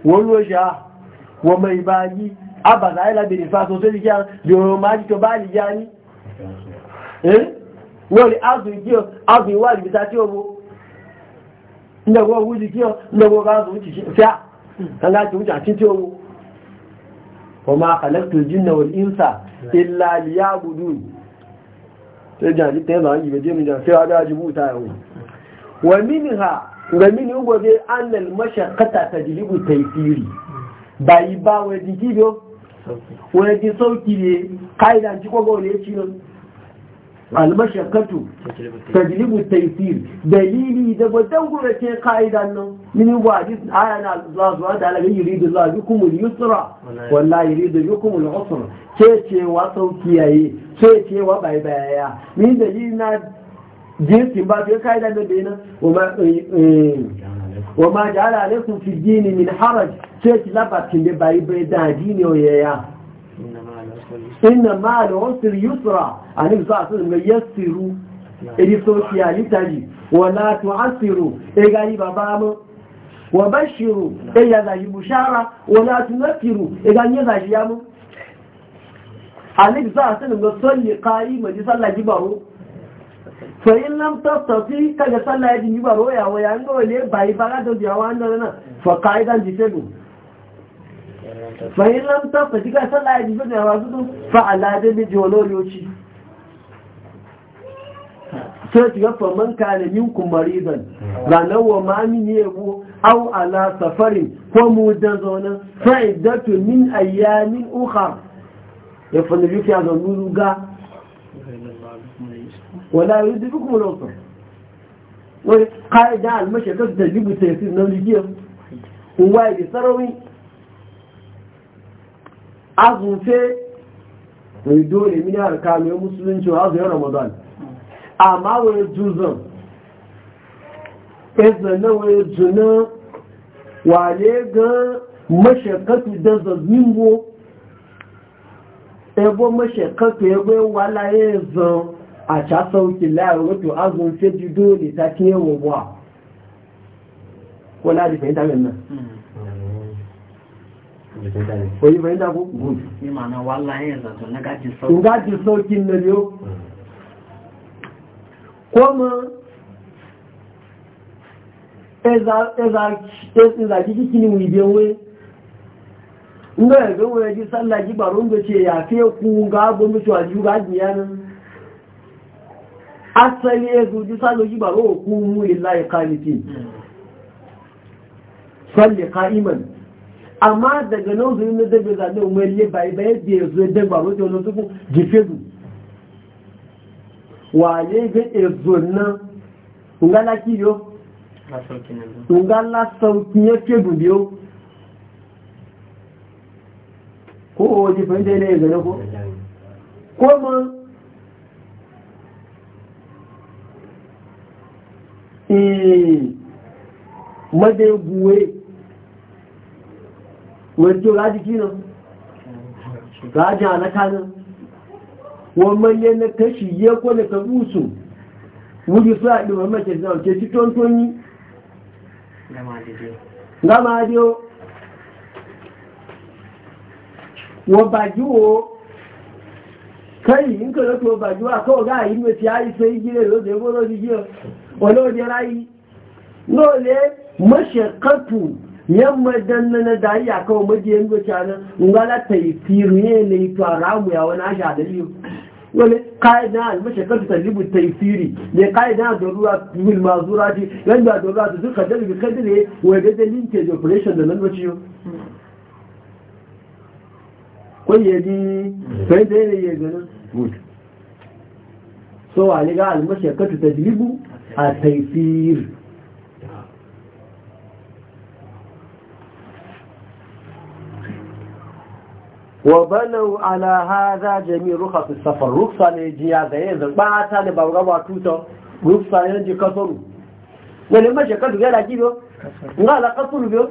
wolo sha wa mai bayi abada ila bi fa so sai kiyan bi o ma ji to bali jani eh wori azu ji azu wa bi ta ti obo ndago wuji kiyo ndago ga azu wuci sha kan ga ki wuce a cikin wo kuma khalaqtul jinna wal insa illa liya'budun sai jaji ta yana yi baje mu da sai wa daji buta yau wa minha ga mini ugo be annal mashaqqata ta taysiri bai ba wa dikido wa di sauki ne kaidan ci ko go ci nan? Albashakatu, tajlibu taysir dalili da badan gure ce kaidan nan min wadi aya na Allah subhanahu wa ta'ala yuridu Allah bikum al-yusra walla yuridu bikum al-usra ce ce wa sauki yayi ce ce wa bai baya min dalili na jinsin ba ce kaidan da bayanan wa ma eh, eh, wa ma ja'ala alaykum fi din min haraj ce ce labatin da bai bai da dini yaya. inna ma da wasu yusra a nufi sa su mai yassiru iri socialita ji wala tu'assiru e gari baba mu wa bashiru e ya zaji bushara wala tunaffiru e gani ya zaji ya mu a nufi sa su mai salli kayi mai sallah jibaru fa in lam tattafi kaga sallah ya jibaru ya waya ngo ne ba baga da jawan na, fa qaidan jitelu fahim lantar ta jika sallah ya jizo da yawa zuzu fa'ala da miji wuce. sai shiga faman kane minkum marizan ranar wa mami ne yabo au ala safarin ko mu dan zaune datu min ayyamin uka ya fanda yuki a zanuru ga wala zubi kuma lausa wani qaida al-mashaka ta taysir na jiya wai yi sarawin. azunfe mai dole mini harka mai musulunci wa azuyin ramadan amma wani juzon ezana wani juna wale ga mashakatu da zazzin bo ebo mashakatu ebo walaye zan a ca sauki layar wato azunfe ji dole ta kiyewa wa kula da fahimta nan hmm. oyi fahimta ko? ni ma'ana wallahi yanzu to na gaji sauki gaji sauki na biyo kuma ezaki we ndo ya ga wani ji sallah ji barun da ce ya fiye ga gomi cewa ju ga asali ya zuji sallah ji ku mu illa ya amma daga nan zuwa na daga zaɓe umar yi bai bayan da ya zuwa dagba wajen wani sukun gefe zu wale ga ezo nan ngala kiyo ngala sauki ya ke dubiyo ko o ji fahimta ne gane ko ko ma eh madaguwe wọ́n tí ó rájí kí náà rájí àláká náà wọ́n mọ́ yẹ́ na kashi yẹ́ kó na kagúsù wújú fún àdí wọ́n mẹ́kẹ̀ náà ke tí tó ń tó yí gama adé o wọ́n bàjú o kẹ́yìn ń kẹ́lẹ́ tó bàjú àkọ́ọ̀gá yìí mẹ́ ti áyí fẹ́ ìgbìlẹ̀ mashi gbọ́nà yamma dan na da ya kawo majiyan gocha nan ngala tayfiru ne ne to ramu ya wani asha daliyo wani ka'ida al-mashakar ta libu taifiri ne ka'ida da ruwa bil mazura ji yanda da ruwa su duka da bi kadire wai da da linkage operation da nan wace yo ko yaji sai da yayi gano good so ali ga al-mashakar ta libu a taifiri wa banau ala hadha jami' rukhas su safar ruksa ne jiya da yanzu ba ta da babu gaba tuta ruksa ne ji kasaru wani ma shaka duga da gido nga la kasaru biyo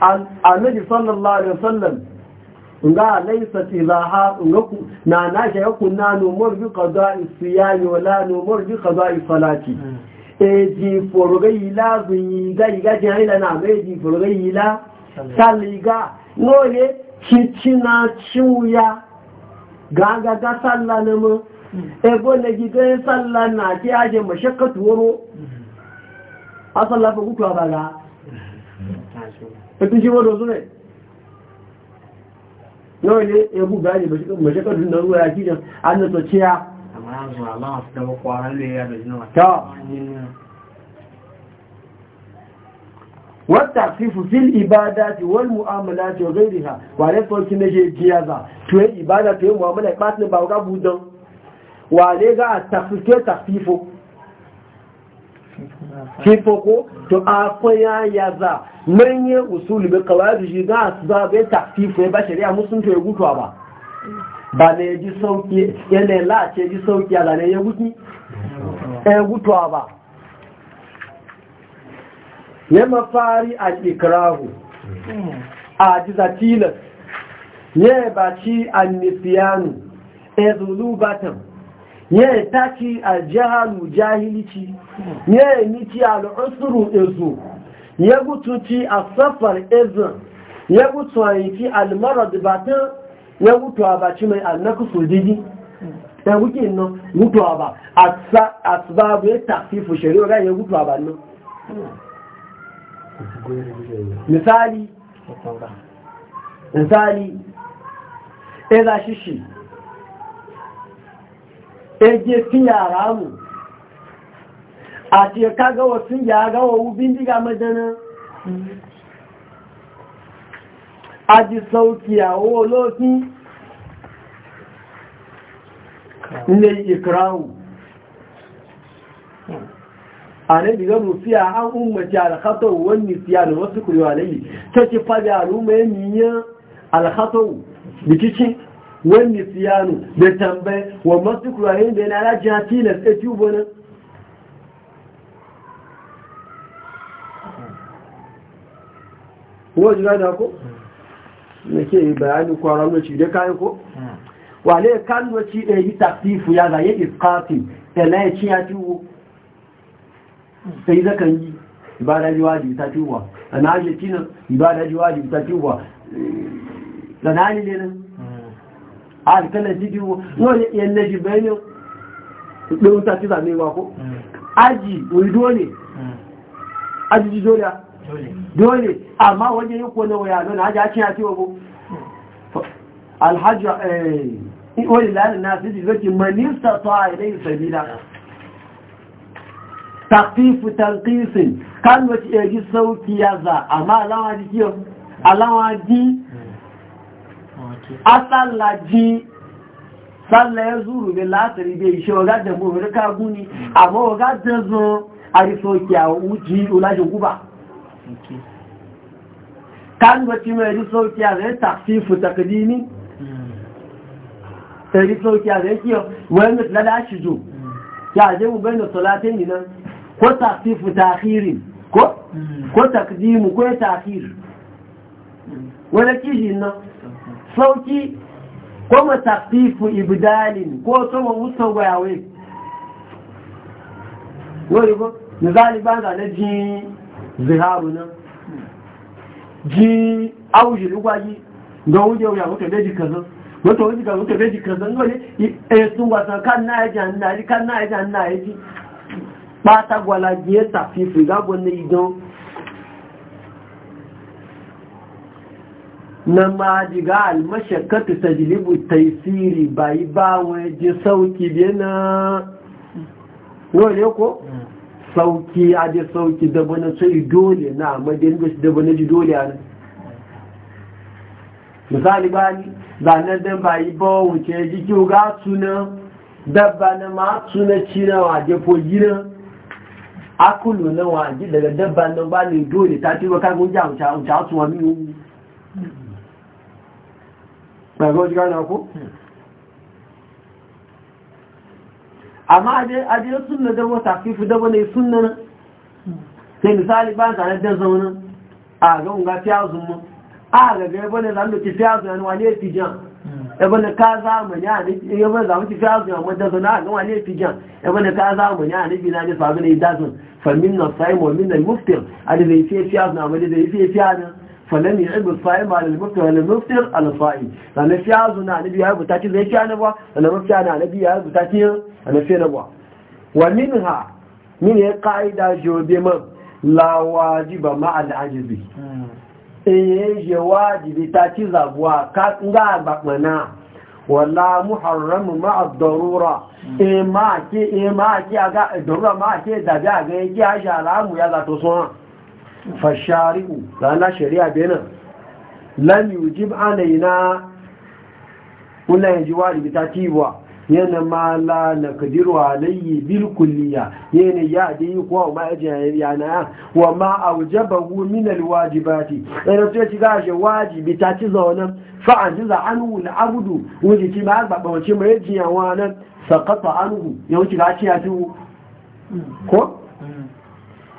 an annabi sallallahu alaihi wasallam nga laysa ilaha ngaku na na ga ku na no mur bi qada'i siyami wala no mur bi yi falaki. e ji forogayi la zun yi ga ga jahila na mai ji forogayi la salliga noye cincina ciwuya gagaga salla na mu ebo na gidan salla na ke ajiye mashakatu wuro a sallafa kutu a baga ƙasin shi wadda zuwa yau ne ya bu gaji mashakatu na zuwa ya kijin annasa ciya amma ya zuwa ba masu damar kwaron da ya yi ya da jinawa والتخفيف في الإبادات والمعاملات وغيرها وعليه فوق نجي جيازا توي إبادة توي معاملة باتن باوغا بودن وعليه التخفيف توي تخفيف kifoko to afanya yaza manye usuli be kawai ji ga asbabe takfifu ba shari'a musun to ya gutuwa ba ba ne ji sauki yana la ce ji sauki ala ne ya guti eh gutuwa ba ya mafari al'ikirahu a jizatilas ya baci annisiyanu ya e zulu batan ya a jihalu jahilici ya nici al'usuru izu ya gutuci a safar izin ya gutu a yiki almarar batan ya gutu a baci mai annakusul didi ya wuke nan gutu a ba a sababu ya e tafi fushari ya gutu a ba nan misali misali za shi shi, shishi eje fiya ramu a ce kaga wasu ya gawa wubin diga majana, a ji sauki a wolofi ne ikirawu annabi ga rufiya an ummati al wani wa nisyan wa sukru alayhi take fada al'umma miya al-khata bikici wa nisyan da tambaye wa masukru alayhi da na raji hatina sai tubo nan wa jira da ko nake bayani kwaran lokaci da kai ko wale kan lokaci da yi tafsifu ya ga yi iskati da na ya ci ya tuwo sai zakan yi ibada ji wajibi ta tuwa sana aje tinan ibada ji wajibi ta tuwa na ne nan a kana ji wa ne yan naji bayanin ɗin ta ci zame wa ko aji wuri dole aji ji dole dole amma wajen yi kone waya don aji a cina ya ce wa ko alhaji eh, wani lalina su ji zaki manista ta ilai sabila taqifu tanqisin kan wace ya ji sauki ya za amma alawa ji kiyo alawa ji asalla ji salla ya zuru bi latari bai shi waga da mu rika guni amma waga da zo a ri sauki a uji ulajin guba kan wace mai ji sauki ya zai taqifu takdini ta ri sauki ya zai kiyo wani mutlala shi zo ya je mu bayyana salatin nan ko tafifu takhirin ko mm. ko takdimu ko takhir wala kiji na sauki ko matafifu ibdalin ko sama musawwaye wani ko misali ba na ji ziharu na ji auji lugwaji ga wuje wuya mutu beji kaza mutu wuji ga mutu beji kaza ngole eh sun wasan kan na yaji an na yaji kan na yaji an na yaji pátágbàlá jẹ́ tàfífì gábọ̀ ní igan na máa jìgá almashakatu tajilibu taisiri bayi bá wọn jẹ́ sauki bẹ́ na wọ́n ko sauki ajẹ́ sauki na sai dole na amadiyar gashi dabo na ji dole a nan misali wuce jiki ga suna dabba na ma gina akulu na waje daga dabban nan ba ne dole ta tiwa kaga wuce a wuce a tuwa miyu ba ga wajen gane ku amma a je suna dabo tafifi dabo ne suna nan sai misali ba tare da zaune a ga unga fiya zumma a ga gaba ne zan da ki fiya zuwa wani ya fi jan ebona ka zamani a ne ebona zamu ci fiya zuwa mun da zuna ga wani fi jan ebona ka zamani a ne bi na ne sabu ne da sun fa min na sai mu min al muftir ali bai fi fiya na mai bai fi fiya na fa lam yu'ib al sa'im ala al muftir al muftir al sa'im dan ne fiya zuna ne biya buta ci zai fiya na ba dan mu fiya na ne biya buta ci an fiya na ba wa minha min ya qaida jobe man la wajiba ma al ajizi eye je wajibi ta ci zabuwa ka nga bakmana wala muharram ma ad-darura e ma ki e ma ki aga darura ma ki ga ga e ki aja la mu ya za to so fa shari'u la shari'a bena lam yujib alaina kullu yajibu ta ci wa yana la na kadirwa alayyi bil kulliya yana ya da yi ko ma ya na wa ma aujabahu min al wajibati yana to ci ga shi wajibi ta ci zauna fa ajiza anhu al abdu wuji ci ma ba ba wace mai jiya wannan saqata anhu ya wuce ga ci ya ci ko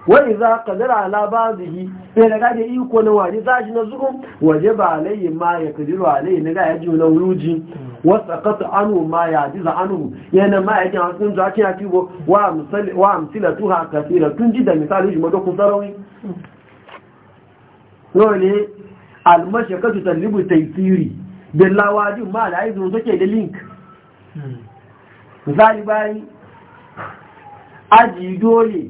wa idza qadara ala ba'dihi sai daga da iko na waje zaji na zuru waje ba alayhi ma ya kadiru alayhi na ya ji na wuruji wasu kasu anu ma ya ji za anu yana ma'aikin hankun za ki haifi wa amsila tuha ka tsira tun ji da misali shi mada kusa rauni yau ne almashi kasu talibu ta yi tsiri da lawajin ma da aizu suke da link misali bayi aji dole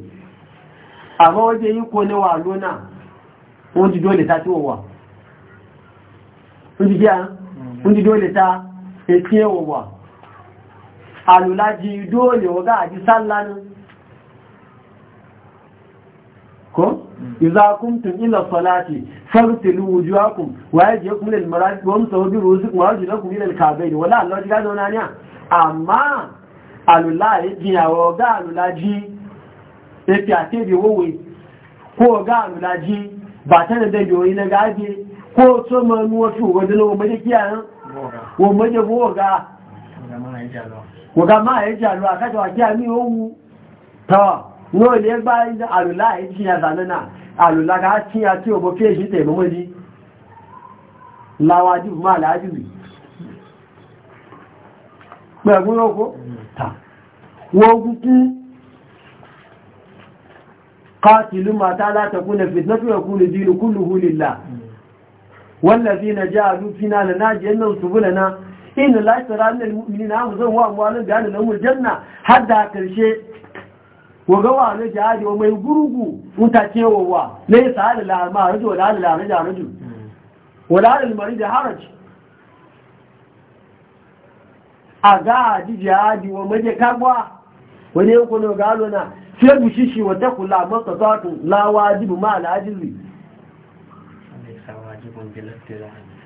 amma waje yi ko ne walo na wani dole ta tiwowa kun ji ji dole ta ètí ẹwọ̀ wà alùlájí idó olè ọgá àti sálánú kọ́ ìzákúntùn ilẹ̀ sọ́láti fẹ́rùtìlú ojú akùn wáyé jẹ́ kúnlẹ̀ ìmọ̀rájú wọ́n sọ ojú rosik mọ̀rájú lọ́kùn ilẹ̀ kàbẹ̀ kó tó mọ̀ ní wọ́n fi òwòdínlọ́wọ́ mẹ́jẹ́ kí àrán wọ́n mọ́jẹ́ fún ọ̀gá ọ̀gá máa ẹ̀jẹ̀ àlọ́ àkájọ̀ àti àmì ohun tọ́ ní ó lè gbá àlùlá ẹ̀jì àzànánà àlùlá ká tí a tí òbò e fi èṣì tẹ̀ mọ́mọ́dí láwájú máa láájú wallazi na ji a rufina da najiyar nan su bula na inda latara na ilmi na mu zan wa'amuwa nan da yanar namun janna har da karshe waga wa na jihadi wa mai gurugu wuta kewawa na yi sa halin lalama rajo wa halin lalama da rajo wa halin mari da haraji a ga ji jihadi wa mage kagwa wani yankunan galona sai bushishi wa takula masa zafin lawa jibi ma alhajizu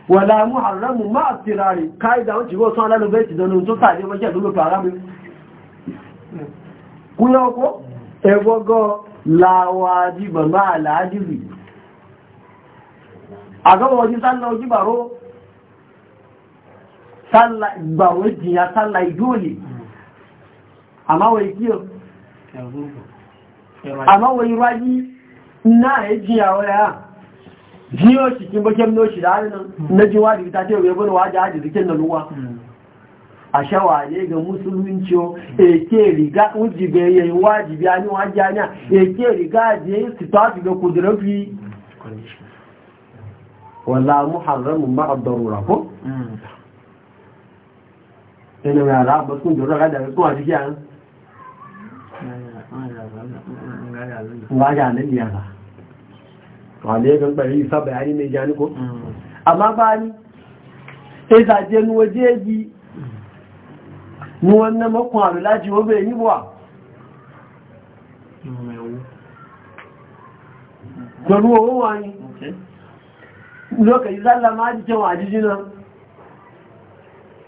wala haramu ma astirari kaida won ti go so alalu be ti donu to ta je mo je lu pa ara mi kuno ko e gogo la wajiba ma la ajibi aga mo ji san lo salla na jiyo shi kin bakin noshi da hannun na jiwa da ta ce webin waje haji zikin da ruwa a shawa ne ga musulunci eke eh, riga ujibe yayi wajibi ani wajanya eke eh, riga je sitati ga kudrafi wala muharramun ma'a darura ko hmm. ina ya ra ba kun dora da ko a jiya ga ga nan ya wanda ya gangbar yi fa bayani mai jani ko mm. amma ba ni sai zaje ni waje ji ni wannan makon alulaji wa bai yi ba pẹ̀lú owó wọn ni lókè ìzálà máa jí jẹun àjíjí náà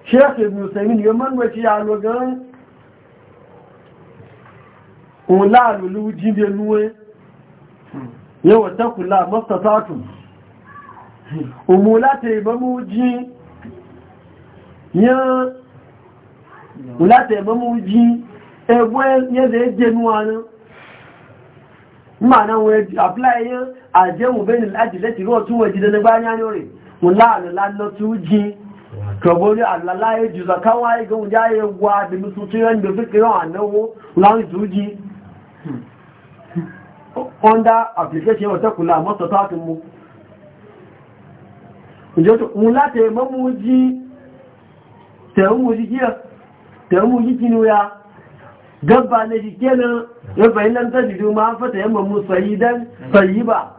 ṣe ẹ̀kẹ̀ ìbùn sẹ̀mí ni yóò mọ́nà tí a lọ gan-an òun láàrùn ló jí yawa ta kula mastatatu umula ta yi mamuji ya umula ta yi mamuji egwe yadda ya genuwa nan ma'ana wọ́n apply yẹn àjẹ́wò bẹ́ni láti lẹ́tì rọ́ tún wọ́n jídẹ́ nígbà ní orí wọn láàrínlá lọ tí ó jí kọ̀bọ̀rí àlàláyé jùlọ káwàá igun ya wà bẹ̀mí tuntun yẹn gbẹ̀fẹ́ kìrọ̀ ànáwó láàrín tó ji. under application wata kula masa tatin mu mu láti ẹ̀mọ́ mú jí tẹ̀wọ́mù jí kí tẹ̀wọ́mù jí kí ni ya gaba na jí kí nan yọba ilẹ̀ ń tẹ́jì tó máa fẹ́ta dán ba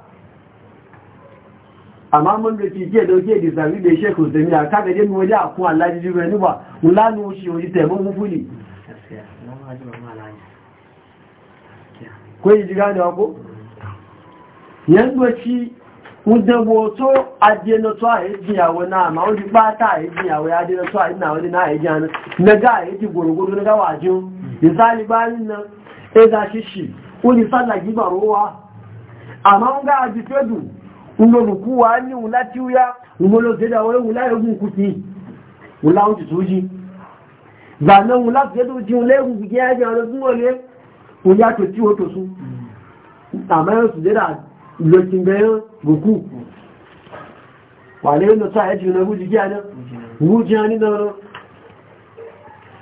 a máa mọ́ lè kí kí ẹ̀dọ́kí sàrí lè ṣe kò sẹ́mi àkágẹ́dẹ́ yìí jí gáàdì ọkọ́ yangoci udagboto adenoto a ejiyawo na ma o di pata a ejiyawo adenoto a ina wani na ejiya ga eji gorogodo na gawajin shishi ga wa ni wula ti uya umolo wula wula wula ya su le tin bayan goku wale yana sa ajiyu na guji jiyanin guji hannu na wani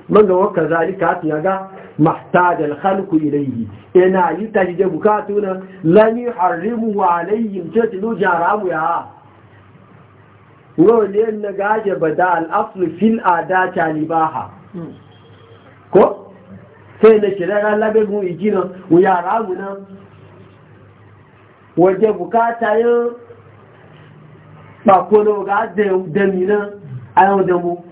mangawar ka zalika hatu ya ga mahtajar halku ilayi yana yi ta jije bukatu na lani harrimu wa alayyin cikin lujan ramu ya wani yana gaje bada al'aflu fil ada taliba ha ko sai na shirarar labegun ijina wuya ramu na waje bukata yin bakolo ga dami nan a yau damu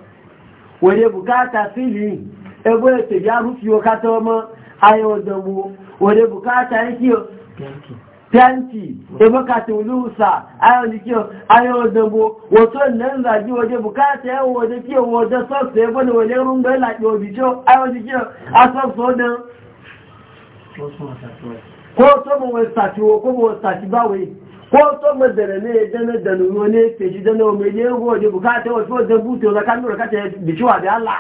waje bukata fili ebe ya tafi ya rufi wa kata wama a yau damu waje bukata yin kiyo tanti ebe ka ti wulusa a yau da kiyo a yau damu wato nan zagi waje bukata yawon waje kiyo waje sassa ebe ne waje rumbe laƙi obi ciyo a yau da kiyo a sassa wadda ko to wani sati wo ko mu sati ba wai ko dare ne da na da nu ne ke ji da na me ne go de bukata wa to da buto kan nura kata bi ciwa da Allah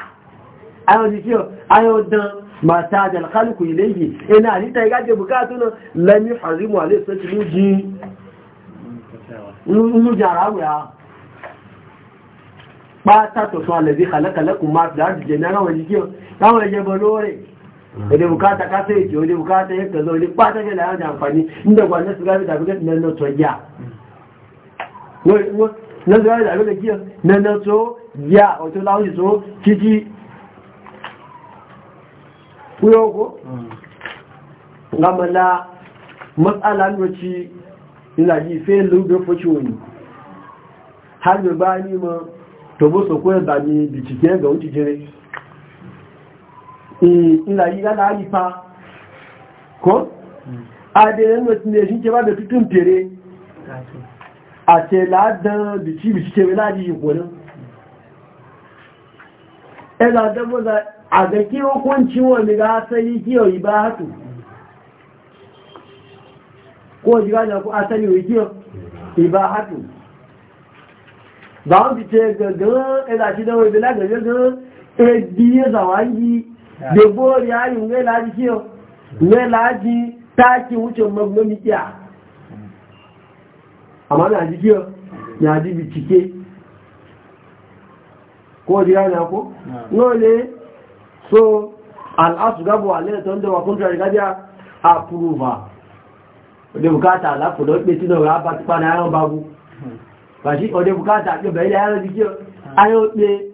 ayo di ciwo ayo da mata da khalqu ilayhi ina ni ta ga de bukatu no lam yuharimu alayhi sallatu ji nu jara wa ba ta to so alabi khalaqa lakum ma fi al wa jiyo kawai je bolore wani bukata ka sai ce wani bukata ya kazo wani ba ta gina da amfani inda gwanin su gami tafi gani na nato ya na su gami tafi gani na nato ya wato launji so kiji kuyo ko gamala matsala noci ina ji fe lube fushi wani har da ba ni ma to bu so koyar da ni bicike ga wuce jire Eh, ina yi gana alifa ko a da ne shi ke ba da tutun fere a ce ladan bici bici ke wela ji yikonin ila dabo da a ga kiwo kwanci wani ga asali kiwo yi ba hatu ko ji gana ku asali wai yi ba hatu za mu fice gaggan ila shi da wai bila gaggan ebi ya zawa yi gbogbo ya yi nwe laji kiyo nwe laji taki wucin magnomi kiya amma na ji kiyo na ji bicike ko jira na ko nole so al'asu gabo alẹ́ tó ń dẹwà fún tàrí gájá àpúrúvà ọdẹ bukata aláfòdó pé tí náà bá ti pa ní ayọ́ bagu pàṣí ọdẹ bukata pé bẹ̀rẹ̀ da di kí ayọ́ pé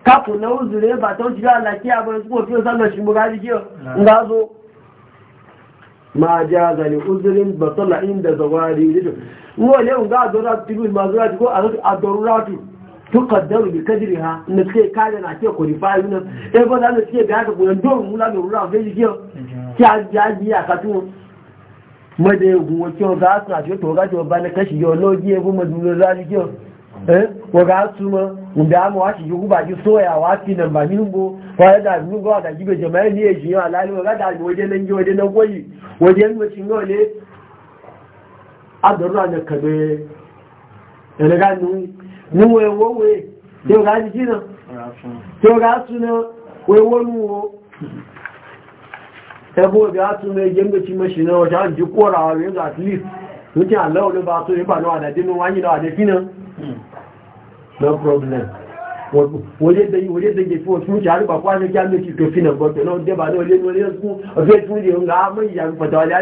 ba kápù náà ó zùrẹ́ bà tó jùlọ àlàkí àbọ̀ ìsúpò tí ó sálọ̀ sí mọ́gá inda ńgá zó máa jẹ́ àzàlẹ̀ ó zùrẹ́ bàtọ́là ìndẹ̀ zọwárí rẹ̀ wọ́n lè ń gá àdọ́rà tìlú ìmọ̀zọ́rà tí kó àdọ́rà tù tó kàdọ́rù bí kẹ́dìrì ha ní tí káyà náà na. e ba fáyé náà ẹgbẹ́ lálẹ́ tí ẹgbẹ́ àkàkù yẹn dóòrùn mú lálẹ́ ga ji fẹ́jì Ki a jẹ́ àjí àkàtú wọn mọ́dẹ̀ ka wọn tí wọ́n gá àtúnàtí ó tó gájọ bá ní kẹ́sì yọ lọ́ọ́ jí ẹgbẹ́ ji lọ́ọ́ Eh? waga suma inda amu washi yi guba ji soya wafi nan ba mingo kwaya da abin gawa da gibe jama'i ne ya e e e shi yawa lalai waga da waje nan gi waje nan goyi waje yin wacin gawa ne a da ruwa da kabe yana gani nuwe wowe sai waga ji jina sai waga suna wai wani wo ẹgbẹ́ obì á tún lè jẹ́ ń gbé tí mẹ́ṣì náà ọjá ìdíkọ́ ra rẹ̀ at least ló tí à lọ́wọ́ ló bá tó rí bà náà àdàdínú wáyé náà àdẹ́fínà no problem wòlé dẹ̀yìn wòlé dẹ̀yìn fún òṣùn jàrí pàpọ̀ àti ẹjá méjì tó fi nàgbọ́tẹ̀ náà dẹ́bà náà lé lórí ẹkùn ọ̀fẹ́ tún lè ń ra mọ́ ìyàrí pàtàkì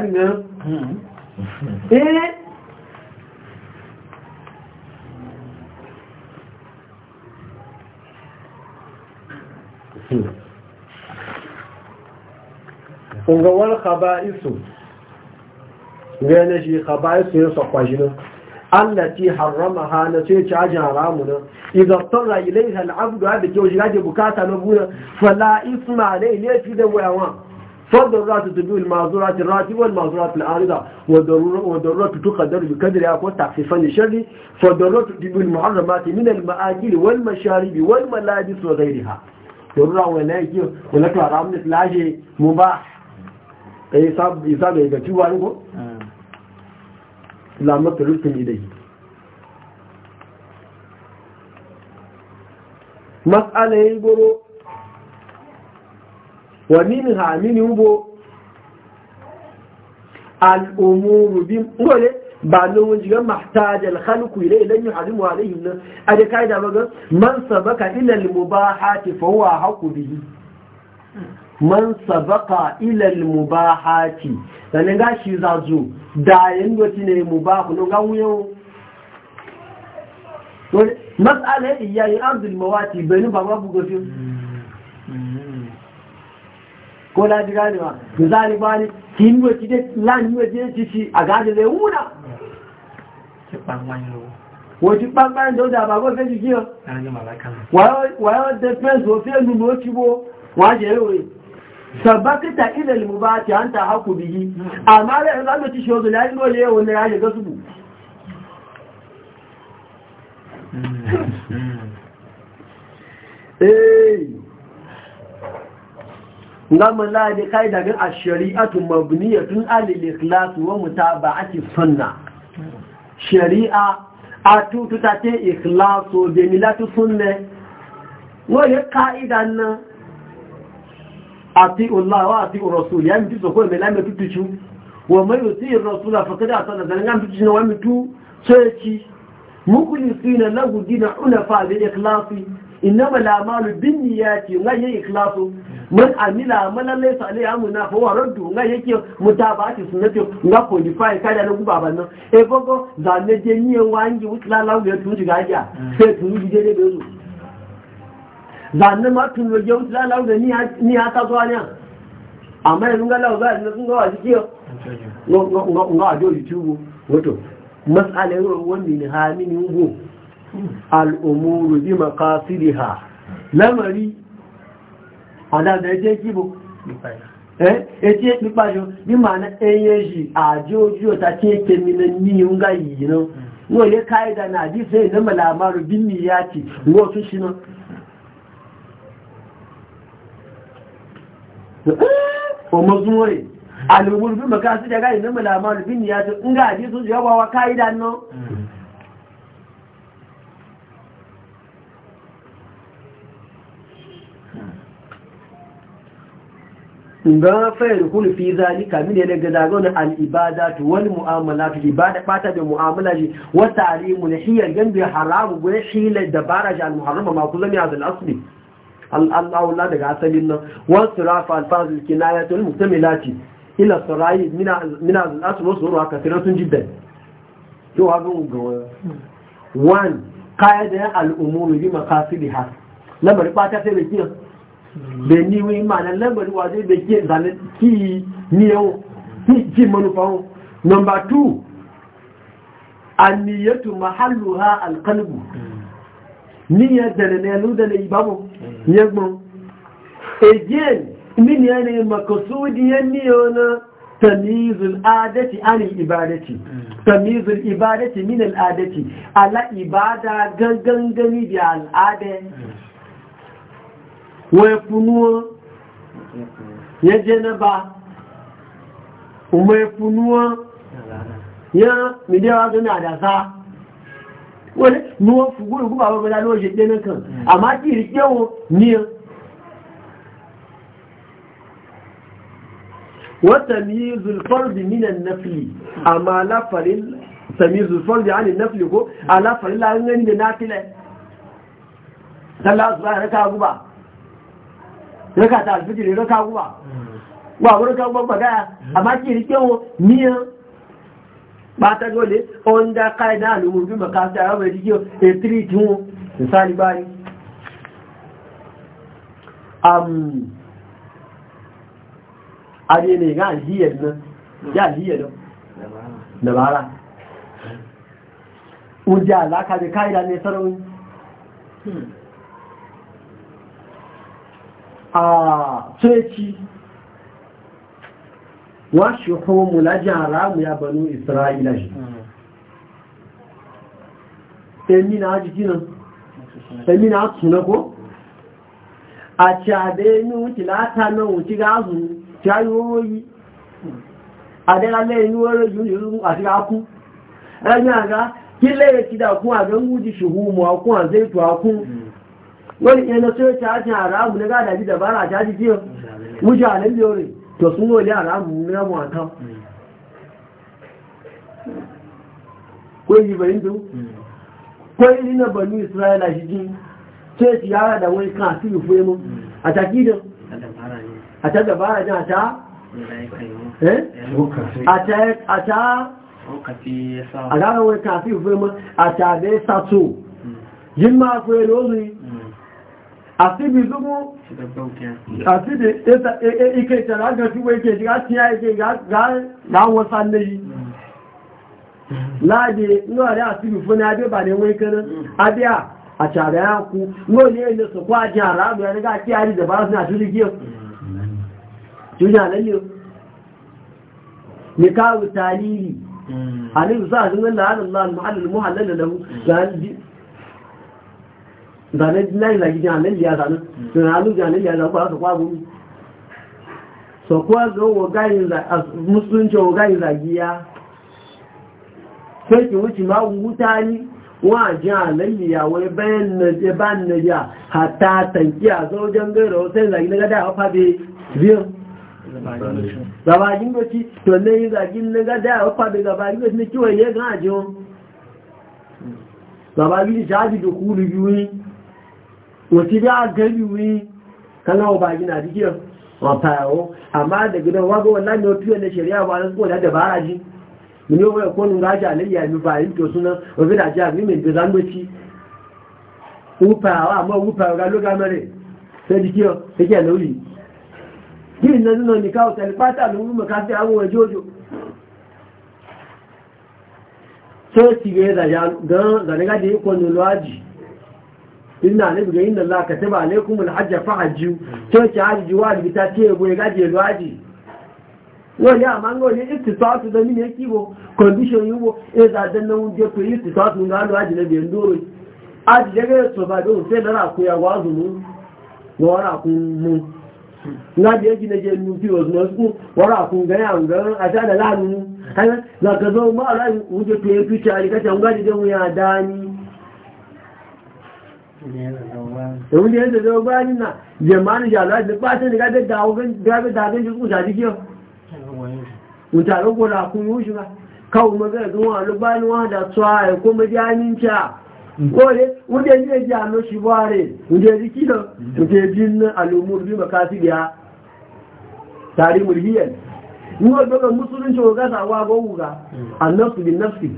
àníyàn shi allati harramaha na ce ci ajin haramuna izattun ra'ilai al'abdu ya da kyau shiga ke bukata na buna fala'is ma ne ne fi da wayawa fadon ratu tudu ilmazurati ratibon mazurati al'arida wadon ratu tuka da rubi kadir ya kuwa taksifan da shari fadon ratu tudu ilmazurati min al'ma'akil wal masharibi wal malabis wa zai riha ɗorura wani ya kiyo wani kwa ramunis laje mu ba ɗaya eh, isa ga igaci wani ko eh. la mata rufin ilai matsala ya yi goro wa min ha min hubo al'umuru bi ngole ba nan wani jigan mahtajar halku ilai idan yi halimu nan a da kai man sabaka ilal mubahati fa huwa bihi man sabaka mubahati gashi zazu dayen wati ne mu ba ku ga wuyo mas'ala iyayi ardul mawati bani ba babu gofi ko la ji gane ba da zari ba ne kin wati de lan wati ci ci a gaje zai wuna wọ́n ti pápá ìjọ òjò àbàgbọ́ fẹ́ jù ọ wọ́n dẹ̀ sabakta ila al-mubati anta haku bihi amma da yanzu an ci shozo ya ino le wannan ya shiga su eh ngam la da kai daga ash-shari'atu mabniyatun al-ikhlas wa mutaba'ati sunna shari'a ta tate ikhlasu bi milatu sunna wa ya ka'idan nan ati Allah wa ati Rasul yan ti so ko me lamme tutu chu wa mai yuti Rasul fa kada ta da zanga tutu chu wa mitu sheki mu ni sina lahu dina una fa bi ikhlasi innama la malu bin niyati ngaye ikhlasu man amila amala lay sale amuna fa wa raddu ngaye ki mutabati sunnati nga ko ni fa ka da ku baba no e gogo za ne je ni wa nji utla lawu ya tunji gaja sai tunji je de bezu zanne ma tun lo jẹun tila lawo ni ni a ta zuwa niya amma yanzu ga lawo ga jiki yo nga a jo youtube wato masala yau wani ni ha mini ugo al'umuru bi lamari ada da je kibo eh eti pipa jo bi ma na eyeji a jo jo ta ke ke mi na ni nga yi no le na di sai na malamaru bin niyati ngo tun shi no wa mazmure alubul bi makasi da ga inna malama bin ya to inga aje su jawa wa kaida no ga fayar kulu fi zalika min ne ga daga wani al'ibadatu wal mu'amalatu ibada bata da mu'amala shi wata tarimu na hiyar gan haramu gure shi da dabara shi al-muharrama ma kullum ya zal asli al'aula daga asalin nan wasu rafa alfazil kinayatul mutamilati ila sarayi mina al'asu wasu ruwa kasirar sun jidda yau abin gawa one kaya da yan al'umuru bi makasiri ha lamari fata sai da kiyan da ni wani ma'anar lambari wa zai da kiyan zane ki niyan ki manufa number two aniyatu mahalluha alqalbu hmm. niyyar da na yalu da na yi babu yagbon again min yana makasudiyan niyo na tamizul adati anil ibadati mm. tamizul ibadati min adati ala ibada gangan gani da al'ada mm. wai funuwa ya janaba ya funuwa ya midewa gana da sa wani nuwa fuguru kuma ba ba ɗaya kan amma ki rike wo amma ko da sallah raka guba raka ta alfijiri raka guba hmm. raka guba ba amma ki rike wo bata dole onda kaida alumun bi makasa ya bai dikiyo e tiri tun misali bari am ade ne ga alhiyar nan ya alhiyar nan da bara uje da kaida ne sarau hmm. a ah, tsoci wọ́n ṣe kó mú lájá ya bẹ̀lú ìsìráìlá èmì náà jíjí náà èmì náà túnná àti àdé inú ti látà náà ti gáàzù a yí owó yí àdẹ́lálẹ́ inú ọ̀rọ̀ yìí àti akú ẹni àgá kí lẹ́yẹ ti dàkún àgbẹ̀mú di ṣùgbù mọ̀ ọkún àzẹ́ ètò akún wọ́n ni ẹni tó ṣe dàbára wújọ àlẹ́lẹ́ to sun wani alamu na mata kwayi bayin da kwayi na banu isra'ila shi jin ce shi yara da wani kan su yi fuye mun a takidin a eh, ta dabara hmm. ne a ta a ta a ta wani kan su yi fuye a ta àtíbi zúgbó àtíbi e, e, ike ìtẹ̀lá gẹ̀ẹ́síwé ike ìjìgá tí a ike gáwọn sáàlẹ̀ yìí láàdì náà rí àtíbi fún ní adébà ní wọ́n kéré adé à àṣàrẹ̀ àkú náà ní èlé sọ̀kọ́ àjẹ́ àrábì ẹ̀rẹ́gá tí a rí dẹ̀bára hmm. sí àtúrí gíọ̀ nikawu talili alaihi sallallahu alaihi wasallam na al-muhallal lahu zane lai zagi jihar a zane tunanin jihar lalliya zane kwa kwa gumi so kwa zo wagayin musulunci wagayin zagiya sai ki wuce ma wuta ni wa jihar lalliya wai e bayan na je ban na ya hata a zo wajen gaira wasu zagi na gada a fabe biyan zabagin goci to ne yi zagin na gada a fabe zabagin goci na kiwon ya gan ajiyo zabagin shafi da kuru biyu wata da gari wi kana ba gina jikin wa amma da gidan wago wallahi ne tuwa na shari'a ba nan kowa da bara ji yau bai konu gaji alayya mi ba yin to suna wa da ji mi da zan baci amma ufawa ga lo mare sai jikin yake lauli kin nan nan ni kawo talfata lu mu ka sai abu jojo sai ti ga da ga da ga da ko no inna na ga inna Allah kataba alaikum alhajj fa hajju to ki haji wali ta ce go ga je lwaji wani a mango ne istisatu da mini yake bo condition yi bo e za dan nan je to istisatu ga na biyan doro aji daga to ba do sai da ku ya wazu mu go ra ku mu na biye gina je nu fi na su ga yan ga a ta da lanu kana za ka zo ma ra mu je to yi ali ka ta mu ya dani domin da yadda zama bayanin na jama'an jala'a da ɓatan da gaɗe dagan jisun shaji kiyo mutane gola kun yi ba kawo magana zuwa wani bayan da tsawa ya kuma janinca kore wunde ne ji ano shi ware wunde ji kido wunde ji al'umur bi makasi biya tari mulhiyar nwa dogon musulunci wa gasa wa ga wuga bin nafsi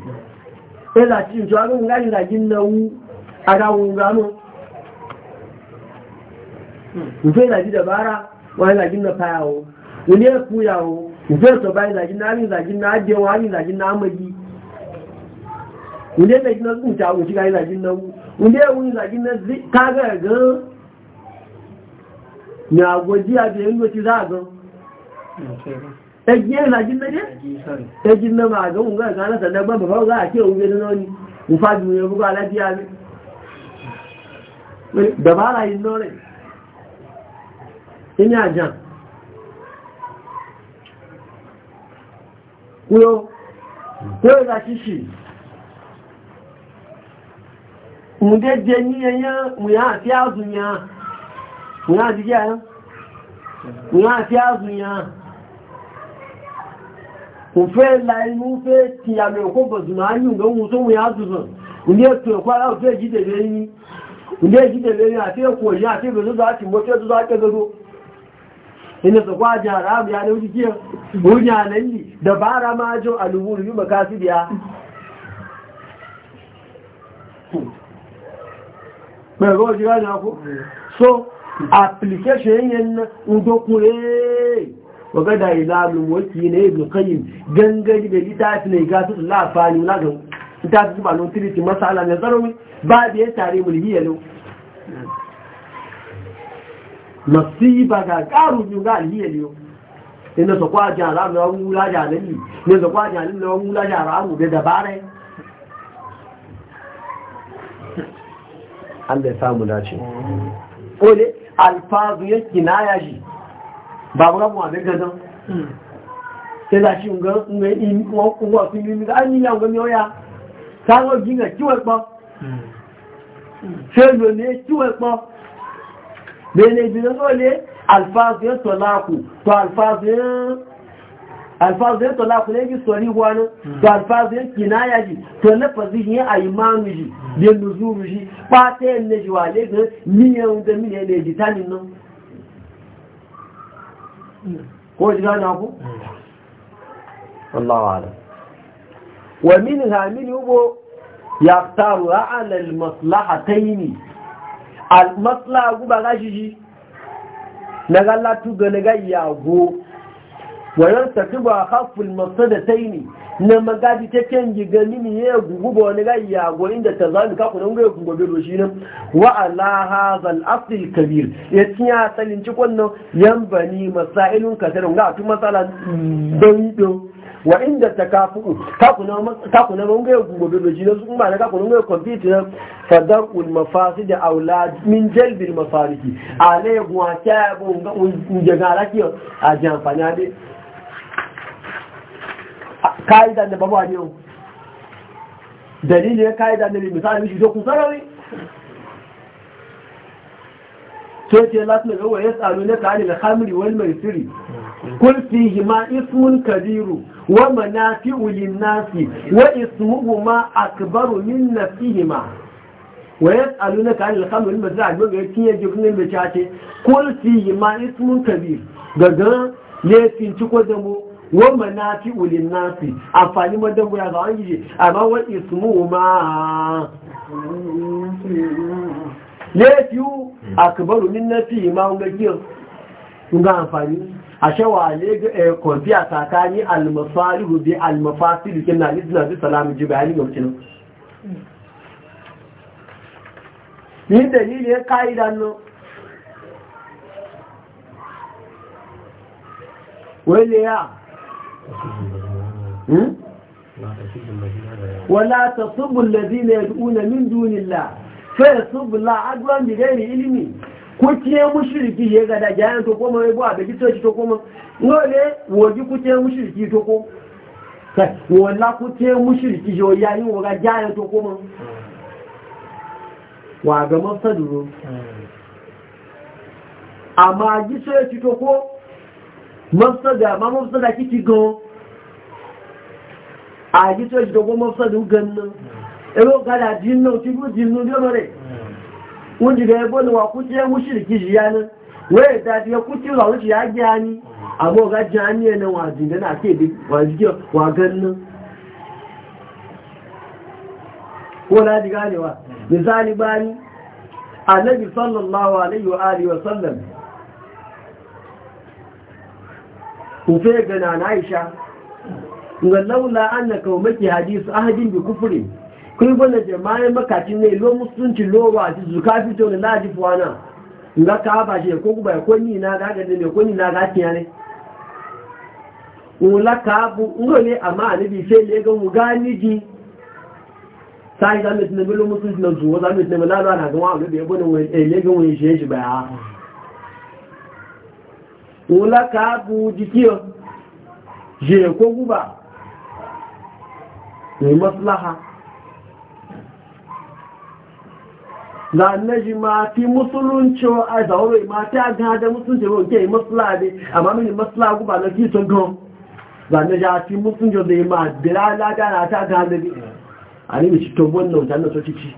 ila cin cewa ga wunga yin ragin na a ga wunga ìfẹ́ ìlàjí dàbára wọn ìlàjí na fáyàwó ilé ẹ̀kú yàwó ìfẹ́ ìsọ̀bá wa, náà rí ìlàjí náà jẹ wọn rí ìlàjí náà mẹ́jì ilé ìlàjí náà kùtà òṣì ká ìlàjí náà wú ilé ẹ̀wù ìlàjí náà kágẹ̀ gan ní àgbòjí àbẹ̀yẹ̀ ló ti ráàgan ẹgbẹ́ ìlàjí náà jẹ́ ẹjí náà máa gan òun gan ìgbà náà sàdẹ́gbọ́n bàbá ọgá àti òun gbé náà ni ìfàjùmọ̀ yẹn gbogbo alájíyá rẹ̀ bàbá ara yìí náà rẹ̀ kíní àjà kúrò kúrò ìdá ṣíṣì mùdéje ní ẹyán mùyá àti àzùnyàn mùyá àti jẹ́ ẹ̀yán mùyá àti àzùnyàn kò fẹ́ la inú fẹ́ ti àmì òkú bọ̀zùmọ̀ ayùn lóhun tó mùyá àzùzùn ní ètò ẹ̀kọ́ aláwọ̀ fẹ́ jídèlé yìí ní èjìdèlé yìí àti èkò inda su kwaji haramu ya ne wuce kiyar na yi da bara majin aluburu yi makasu biya mai gawar jira ne ku so application yin udokure wagada ilalun waki na ibn qayyim gangari da litafi na ga su lafani na ga ta su ba non tiriti masala ne zarumi ba biye tare mulhiyalo masiba ga karu ju ga aliye ne ina so kwa ja ra na wula ja ne ne so kwa ja ni na wula ja ra da bare Allah ya samu dace ole alfazu ya kinaya shi babu rabu a daga dan sai da shi unga unga in kuma sun yi ga an yi ya unga miyo ya sango jinga kiwa pa sai hmm. lo ne kiwa pa bẹ̀rẹ̀ ìbìnà tó lé alfáàzù yẹ́ tọ́láàkù tó alfáàzù yẹ́ tọ́láàkù lẹ́gbì sọ̀rí wọnú tó alfáàzù kìnáyà jì tó lẹ́fàzí àìmánu jì lè lùzúrù jì pàtẹ́ ẹnẹ́jì wà lẹ́gbẹ̀ẹ́ mílíọ̀n dẹ́ mílíọ̀n ẹ̀jì tánì almasla guba ga shi na ga latu ga na ga yago wayan ta haful masada taini na magadi ta kenji gani ne ya guguba wani ga yago inda ta zami ka kunan ga kuma biro shi nan wa ala hazal kabir ya tiya salin cikon nan yan bani masailun kasarun ga tu masala mm. don wa inda takafu kakuna munga ya gugu da jina su kuma na kakuna munga kwamfiti na fadarkul mafasi da aula min jalbin mafariki a ne guwa ta yabo ga unjaga rakiyar a ji amfani ne ka'ida da babu ne dalilin ya ka'ida da misali shi dokun sarari sai ce lati na gawa ya tsaro na ka'ani da hamri wani mai siri قل فيهما اسم كبير ومنافع للناس واسمهما أكبر من نفسهما ويسألونك عن الخمر لك ويكي يجبن المشاكل قل فيهما اسم كبير غدا لكن تقدموا ومنافع للناس أفعل ما دمو يا غانجي أما واسمهما لكن أكبر من نفسهما ونجير ونجير ashe wale eh, kwafiya tsakani almasarihu bi almafasiru kina nizna bi salamu ji bayani ga mutum ni dalilin ka'idan ka'ida nan wale ya hmm? wala ta subu lalzina ya du'una min duniya, sai subu la'adwan bi gairi ilimi kuke mushiriki ya da jayan to koma ya buwa da gito shi to koma nole woji kuke mushriki to ko wala kuke mushiriki jo yayin waga jayan to koma wa ga mafsaduro amma gito shi to ko mafsada ma mafsada kiki gan a gito shi to ko mafsadu gan nan ero gada jinnu tibu jinnu dole wunji ga yabo ni wa kuti ya mushiriki shi ya nan waye da ya kuti wa wuce ya gya ni abu ga jami'a nan wa jinda na ke bi wa jike wa gannin ko na ji ganewa misali A nabi sallallahu alaihi wa alihi wa sallam ku fe gana na Aisha ngalaula annaka umaki hadisi ahadin bi kufrin kun bane jama'in makacin ne lo musulunci lo ba ji zuka fito da laji fuwana nga ka ba je ko ba ko ni na ga ga ne ko ni na ga tiya ne ula ka bu ngole amma ne bi sai le ga mu ga ni ji sai da mutum ne lo musulunci na zuwa da mutum ne na da na ga wa da yabo eh, ne wai le ga wai je ji ba ula ka bu dikiyo je ko guba maslaha zanaji ma fi musulunci a zaure ma ta da musulunci ba ke masula ne amma mini masula guba na fi sun kan zanaji a fi musulunci yi ma bila lada na ta da ne a ne mai cikin wani wutan na so ciki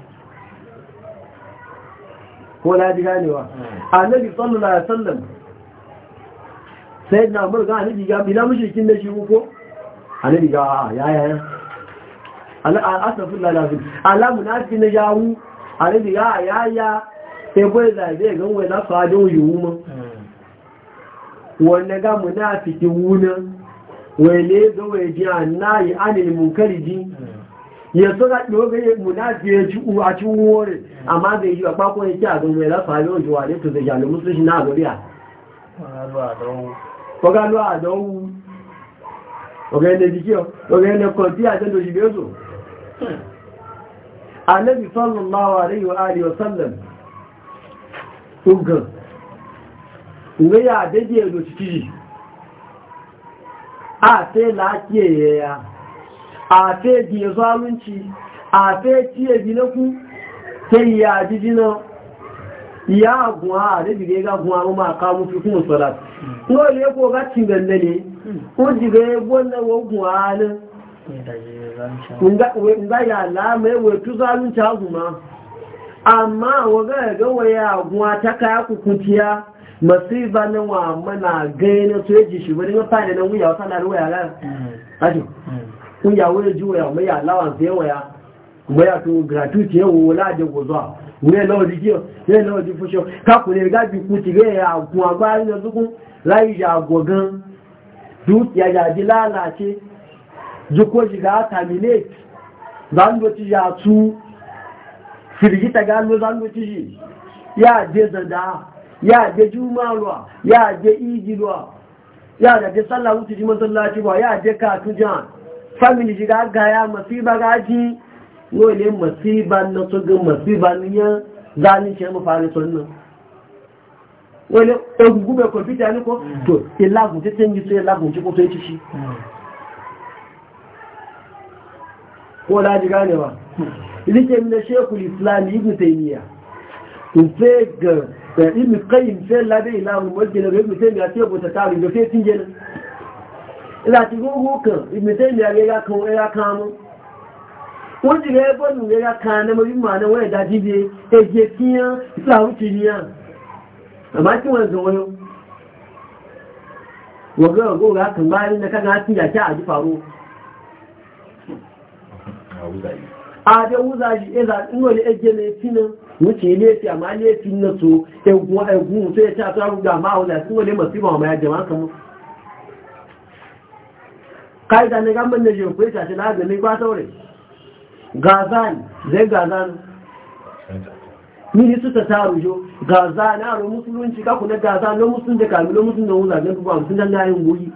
ko ladi ganewa hmm. a nabi sallallahu ya sallan. sai na murga a nabi ga bila kin da shi ko a nabi ga ah, ya ya ya ala asafin lalazin ala munafi na yawu àríbi yá àyáyá ẹgbẹ́ ìzàìdé ìgbẹ̀wẹ̀ lásọ adé òyìnwó mọ́ wọ́n nẹgá mọ̀ náà fi ti wú náà wọ́n ilé ẹgbẹ̀wẹ̀ jí ànáyì ánìlìmù kẹ́rì jí yẹ tó láti ó gẹ́yẹ mọ̀ náà tó annabi sallallahu alaihi wa alihi wasallam ugan nga ya dade ya ciki a sai lafiye ya a sai biye zalunci a sai ciye gina ku ya ji jina ya guwa a da bide ga guwa mu ma ka kuma salat ko ne ko ga ne ko hmm. diga ya gonna wo guwa ne nga ya alama ya wetu zalunci azuma amma waga ga waya ta kaya kukuciya masiba wa mana gani su yaji e shi wani wuya ya hmm. hmm. gara e ji waya mai sai waya to gratuity da gozo ne ne ka ku ne ku ti ga ya ba ni rai gogan ya lalace jikoji ga terminate zangoci ya su firgita gano zangoci shi ya je zada ya je jumaruwa ya je igiruwa ya da je sallah wuce ji masallaci ba ya je katu jan family shi ga gaya masiba gaji wole masiba na tsogon masiba niyan zanin ce mafari sannan wole ogun gube kwamfuta ne ko mm. to ilagun titin yi su, ilagun ci ko to yi ci shi mm. ko laji gane ba rike na shekul islam yi ibn taymiya in sai ga da ibn qayyim sai la dai la mu wajin da ibn taymiya sai bota ta ri da sai tinje ne ila ti gogo kan ibn taymiya ga ya kan ya kan mu wajin ga bonu ga ya kan na mu ma na wai da dibe e je tiyan islam niya amma kin wannan wayo waga go ga kan bayin da kaga tiya ta ji faro wuzaji a da wuzaji e eh, za in wani ege ne finan wuce ne fi amma ne fi na so egun eh, egun eh, ya ta ta ruga ma wala sun wani masiba ma ya jama'a kamar kai da ne gamban na je ko ta ce na ga ne ba saurayi. gazan zai gazan mini su ta taru jo gazan aro musulunci ka gazan na musulunci ka lo musulunci da wuzaji ba musulunci da yin goyi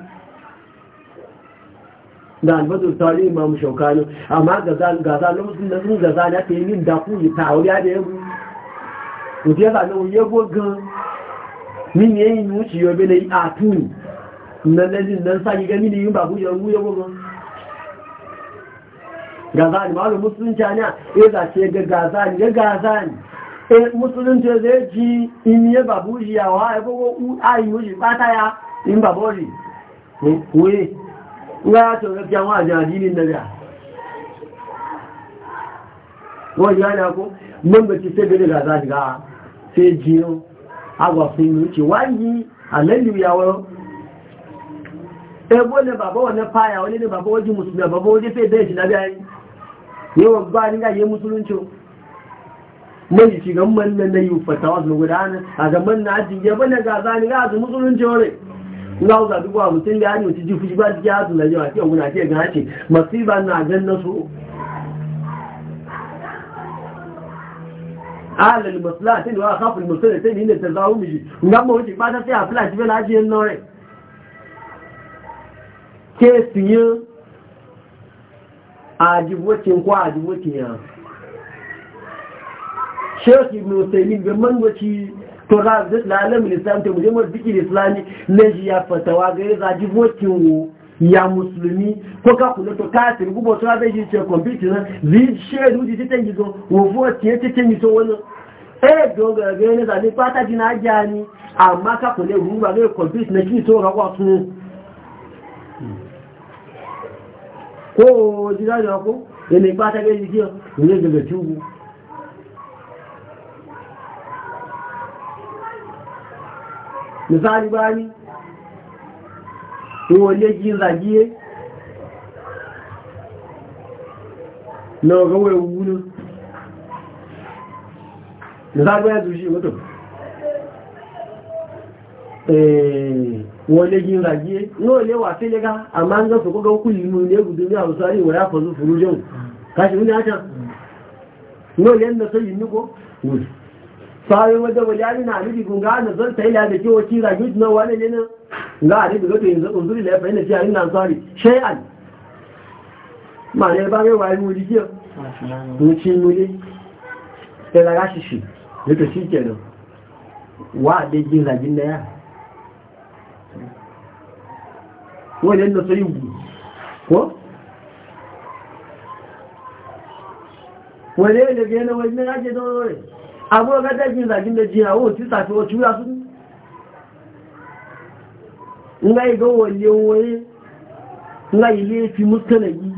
da albazin sauri imam shaukani amma gaza lokacin da sun gaza na ta yi yin dafu yi ta wuri da yabu mutu ya zanen wuye gogon min ya yi wuce yobe na yi a tuni na lalin nan sa giga mini yi ba yan wuye gogon gaza ne malu musulunci ne ya zace ga gaza ne ga gaza ne musulunci zai ji in yi babu yawa ya gogo ayi wuce bata ya in babori wuye nga ya ce gaskiya wa ajin addinin na biya wọ́n yá ní akó mọ́mọ̀ ti tẹ́bẹ̀rẹ̀ rà záàdìgá fẹ́ jíyàn agbàfin ìlú ti wá yí àlẹ́lùyàwó ẹgbọ́n ní bàbá wọn ní fáyà wọ́n ní bàbá wọ́n jí musulmi àbàbá wọ́n jí fẹ́ bẹ́ẹ̀ jìnà bí na yi a zaman na ajiye bane ga zaniga láwùzà dúpọ̀ àmùtí lè ánì òtí jí fújí bá jí ààtùn lẹ́yìn àti ọ̀gbùn àti ẹ̀gán àti màsíbà náà àjẹ́nà só ààlẹ̀lẹ̀ mọ̀sílá àti ìlú àkápù ìmọ̀sílẹ̀ tẹ́lẹ̀ ilẹ̀ tẹ̀lá òmìnì ǹgbàmọ̀ ó ti pátá sí àfílà ti fẹ́ láti ẹnà rẹ̀ kéèsì yán àjíwó ti ń kọ́ àjíwó ti yàn ṣé ó ti mọ̀ to za su la alam islam to muje mu zikir islami leji ya fatawa ga za ji votin wo ya musulmi ko ka kula to ka tin gubo to zai ji ce computer na zi shedu ji tin ji zo wo votin ya tin ji so E eh do ga ga ne za ni pata ji na jani amma ka kula ru ba ga computer na ki to ga kwa tun ko ji da ko ne pata ga ji ki ne ga ga tubu misali bani wọ́n lé jí we náà rọwọ́ ewu ní ìzágbé ẹ̀dù sí ìwọ́tò wọ́n lé jí ìzàgíyé náà lé wà sí lẹ́gá àmá ń gọ́sọ̀ kọ́gọ́ kú ìlú ilé egùdó ní àwùsárí ìwọ̀ sayo wadda wajali na alibi gunga na zan sai la da kewa kira yud na wani ne na ga alibi ga gato yanzu unzuri la fa ina ji ayin nan sari shay'an ma ne ba mai wani wuri ke muci muli sai la gashi shi ne to shi ke nan wa da jin rajin da ya wani da sai yi ko wani ne ga na wani ne ga je don wani àwọn ọgẹ́gẹ́gẹ́ ìrìnàjílẹ̀jì àwọn òtítà tí wọ́n tí wúyá sún ńlá ìgọ́wọ̀ ilé wọ́nyí ńlá ilé fi mústẹ̀lẹ̀ yìí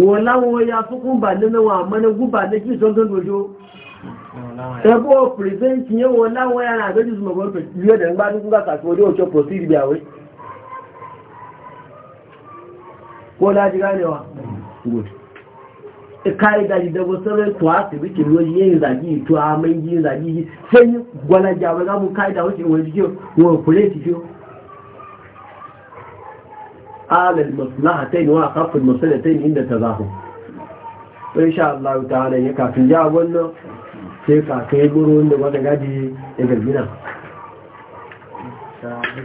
wọ́n ya wọ́n láwọn ya rà àgbẹ́jù súnmọ̀ bọ́n pẹ̀lú ẹ̀dẹ̀ ka'ida da wasu kuwa su bikin wani yin zagi to a mai yin zagi sai gwana jawo za mu ka'ida wasu in wani jikin wani kule su fiyo alal maslaha ta yi wa kafin maslaha ta yi inda ta zahu in sha Allah ta hana ya kafin ja wannan sai ka kai goro wanda wata gaji ya gargina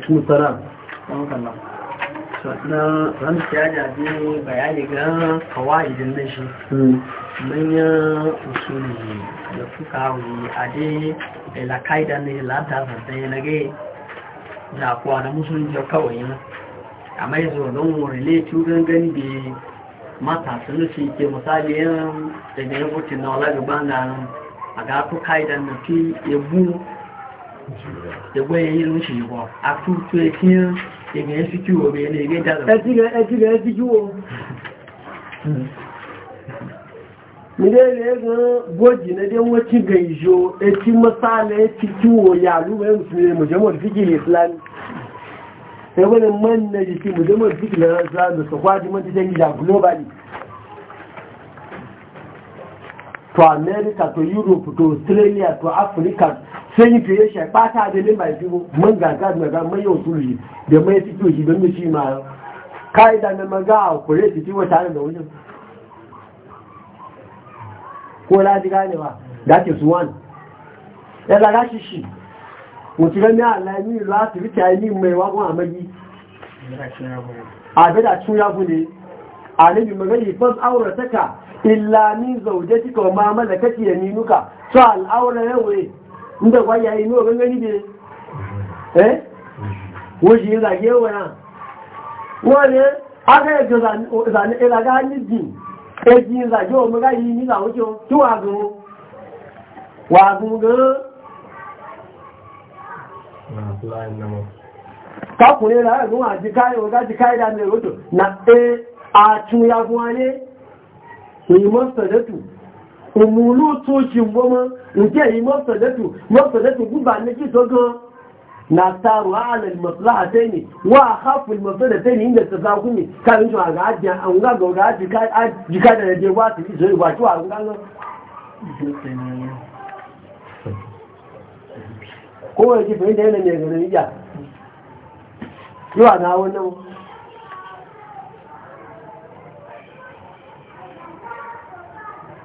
musara na ramsu ya jaje bayani ga kawa'idin nan shi hmm. manyan usuli da suka wuyi a dai ilakaida ne latasa da ya nage da kuwa na musulunci kawai yana a mai zoron wurile turin gani da mata sun nufi ke misali yan da ne rubutun na wala gaba na a ga kaidan na fi ebu egbe yin rushe yiwuwa a tutu ekin daga ya ga ilé gan bójì na dé wọ́n ti gẹ̀ ìṣó etí mọ́sálẹ̀ ti kí yà lúwẹ̀ mùsùlùmí mùsùlùmí fíkì lè fúlání ẹgbẹ́ ni lè to america to europe to australia to Afrika. sai yi fiye shi ba ta da lima fi mun gaga da ga mai yau sulhi da mai fito shi don mishi ma kaida na maga a kure fiti wata da wajen ko la ji gane ba da ke wani ya laga shi shi mutu ga mai alami lo asibiti a yi mai wagon a magi a da cin yafu ne a nabi magani fas aurataka illa min zaujatika wa ma malakati yaminuka so al'aura yawai ń bẹ̀ wáyà inú ọ̀gẹ́gẹ́ níbi ẹ́ wọ́n yìí ìlàyé wọ́n yà wọ́n ní agẹ́gẹ́ ìlàgá níbi ẹjì ìlàyé ọmọgá yìí nílà ojú tí wà gùn wà gùn gan ndị na e, òmùlú tó ṣe gbọ́mọ́ ǹjẹ́ yìí mọ́sọ̀dẹ́tù mọ́sọ̀dẹ́tù gúbà ní tó gan na taru ala maslahatayni wa khafu almaslahatayni inda tasakumi ka yin shuwa ga ajiya an ga ga ga aji ka aji ka da je wa ga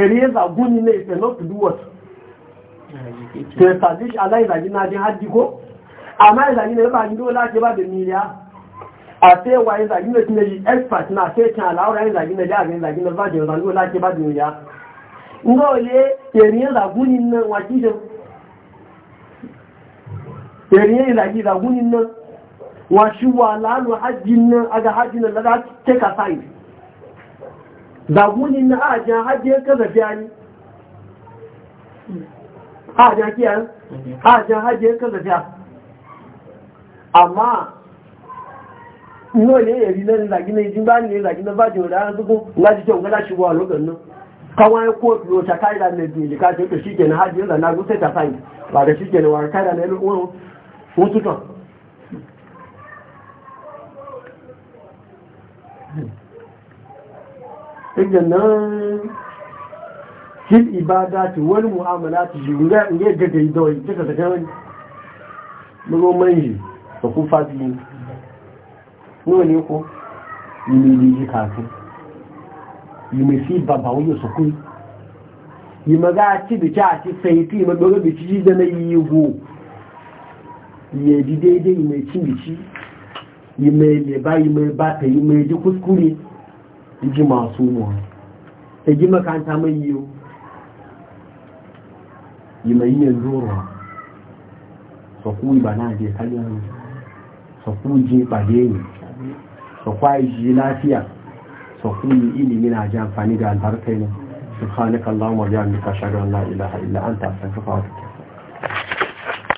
areas are ne in it not to do what to establish Allah náà jẹ́ hajji kó àmá ìzàjí náà bá ní láti bá bè mìírí àti ẹwà ìzàjí náà ti lẹ́yìn expert náà fẹ́ kí àláwọ̀rá ìzàjí náà jáàrin ìzàjí náà bá jẹ́ láti bá bè mìírí ní iná wà kí ṣe wà ṣíwà zagunin na ajiya hajjiyar kazafi ne ajiya kiyan ajiya hajjiyar kazafi amma inú ilé èrí lẹ́nu ìlàgínà ìjínbá ní ìlàgínà bá jẹ́ òdára tókún láti jẹ́ òǹgá ṣubọ̀ àlógún náà káwọn ẹkọ́ òpìlò ṣàkáìlà nẹ̀dì ìlẹ̀ká jẹ́ pẹ̀ na ìjẹ̀nà hajjiyar lànà agúnṣẹ́ tàfáì wà rẹ̀ sí ìjẹ̀nà wà káìlà nẹ̀lú wọn tútàn inda nan fil ibadati wal mu'amalati jura ne ga dai dawai daga daga wani mugo manji to ku fadi ne ne ko ni ni ji ka ku ni me fi baba wo so ku ni maga ci bi ta ci sai ti ma dogo bi ci da na yi go ye di dai dai me ci bi ci yi me le ba yi me ba ta yi me ji kuskure ji masu muwa ta ji makanta mai yiwu yi mai yin zuwa je ìbànà jẹ ji bade ne pàdé yìí ji lafiya láfíà yi ilimi na ji amfani da albarkai ne su subhanakallahumma bihamdika ashhadu shagar la ilaha illa an astaghfiruka wa wata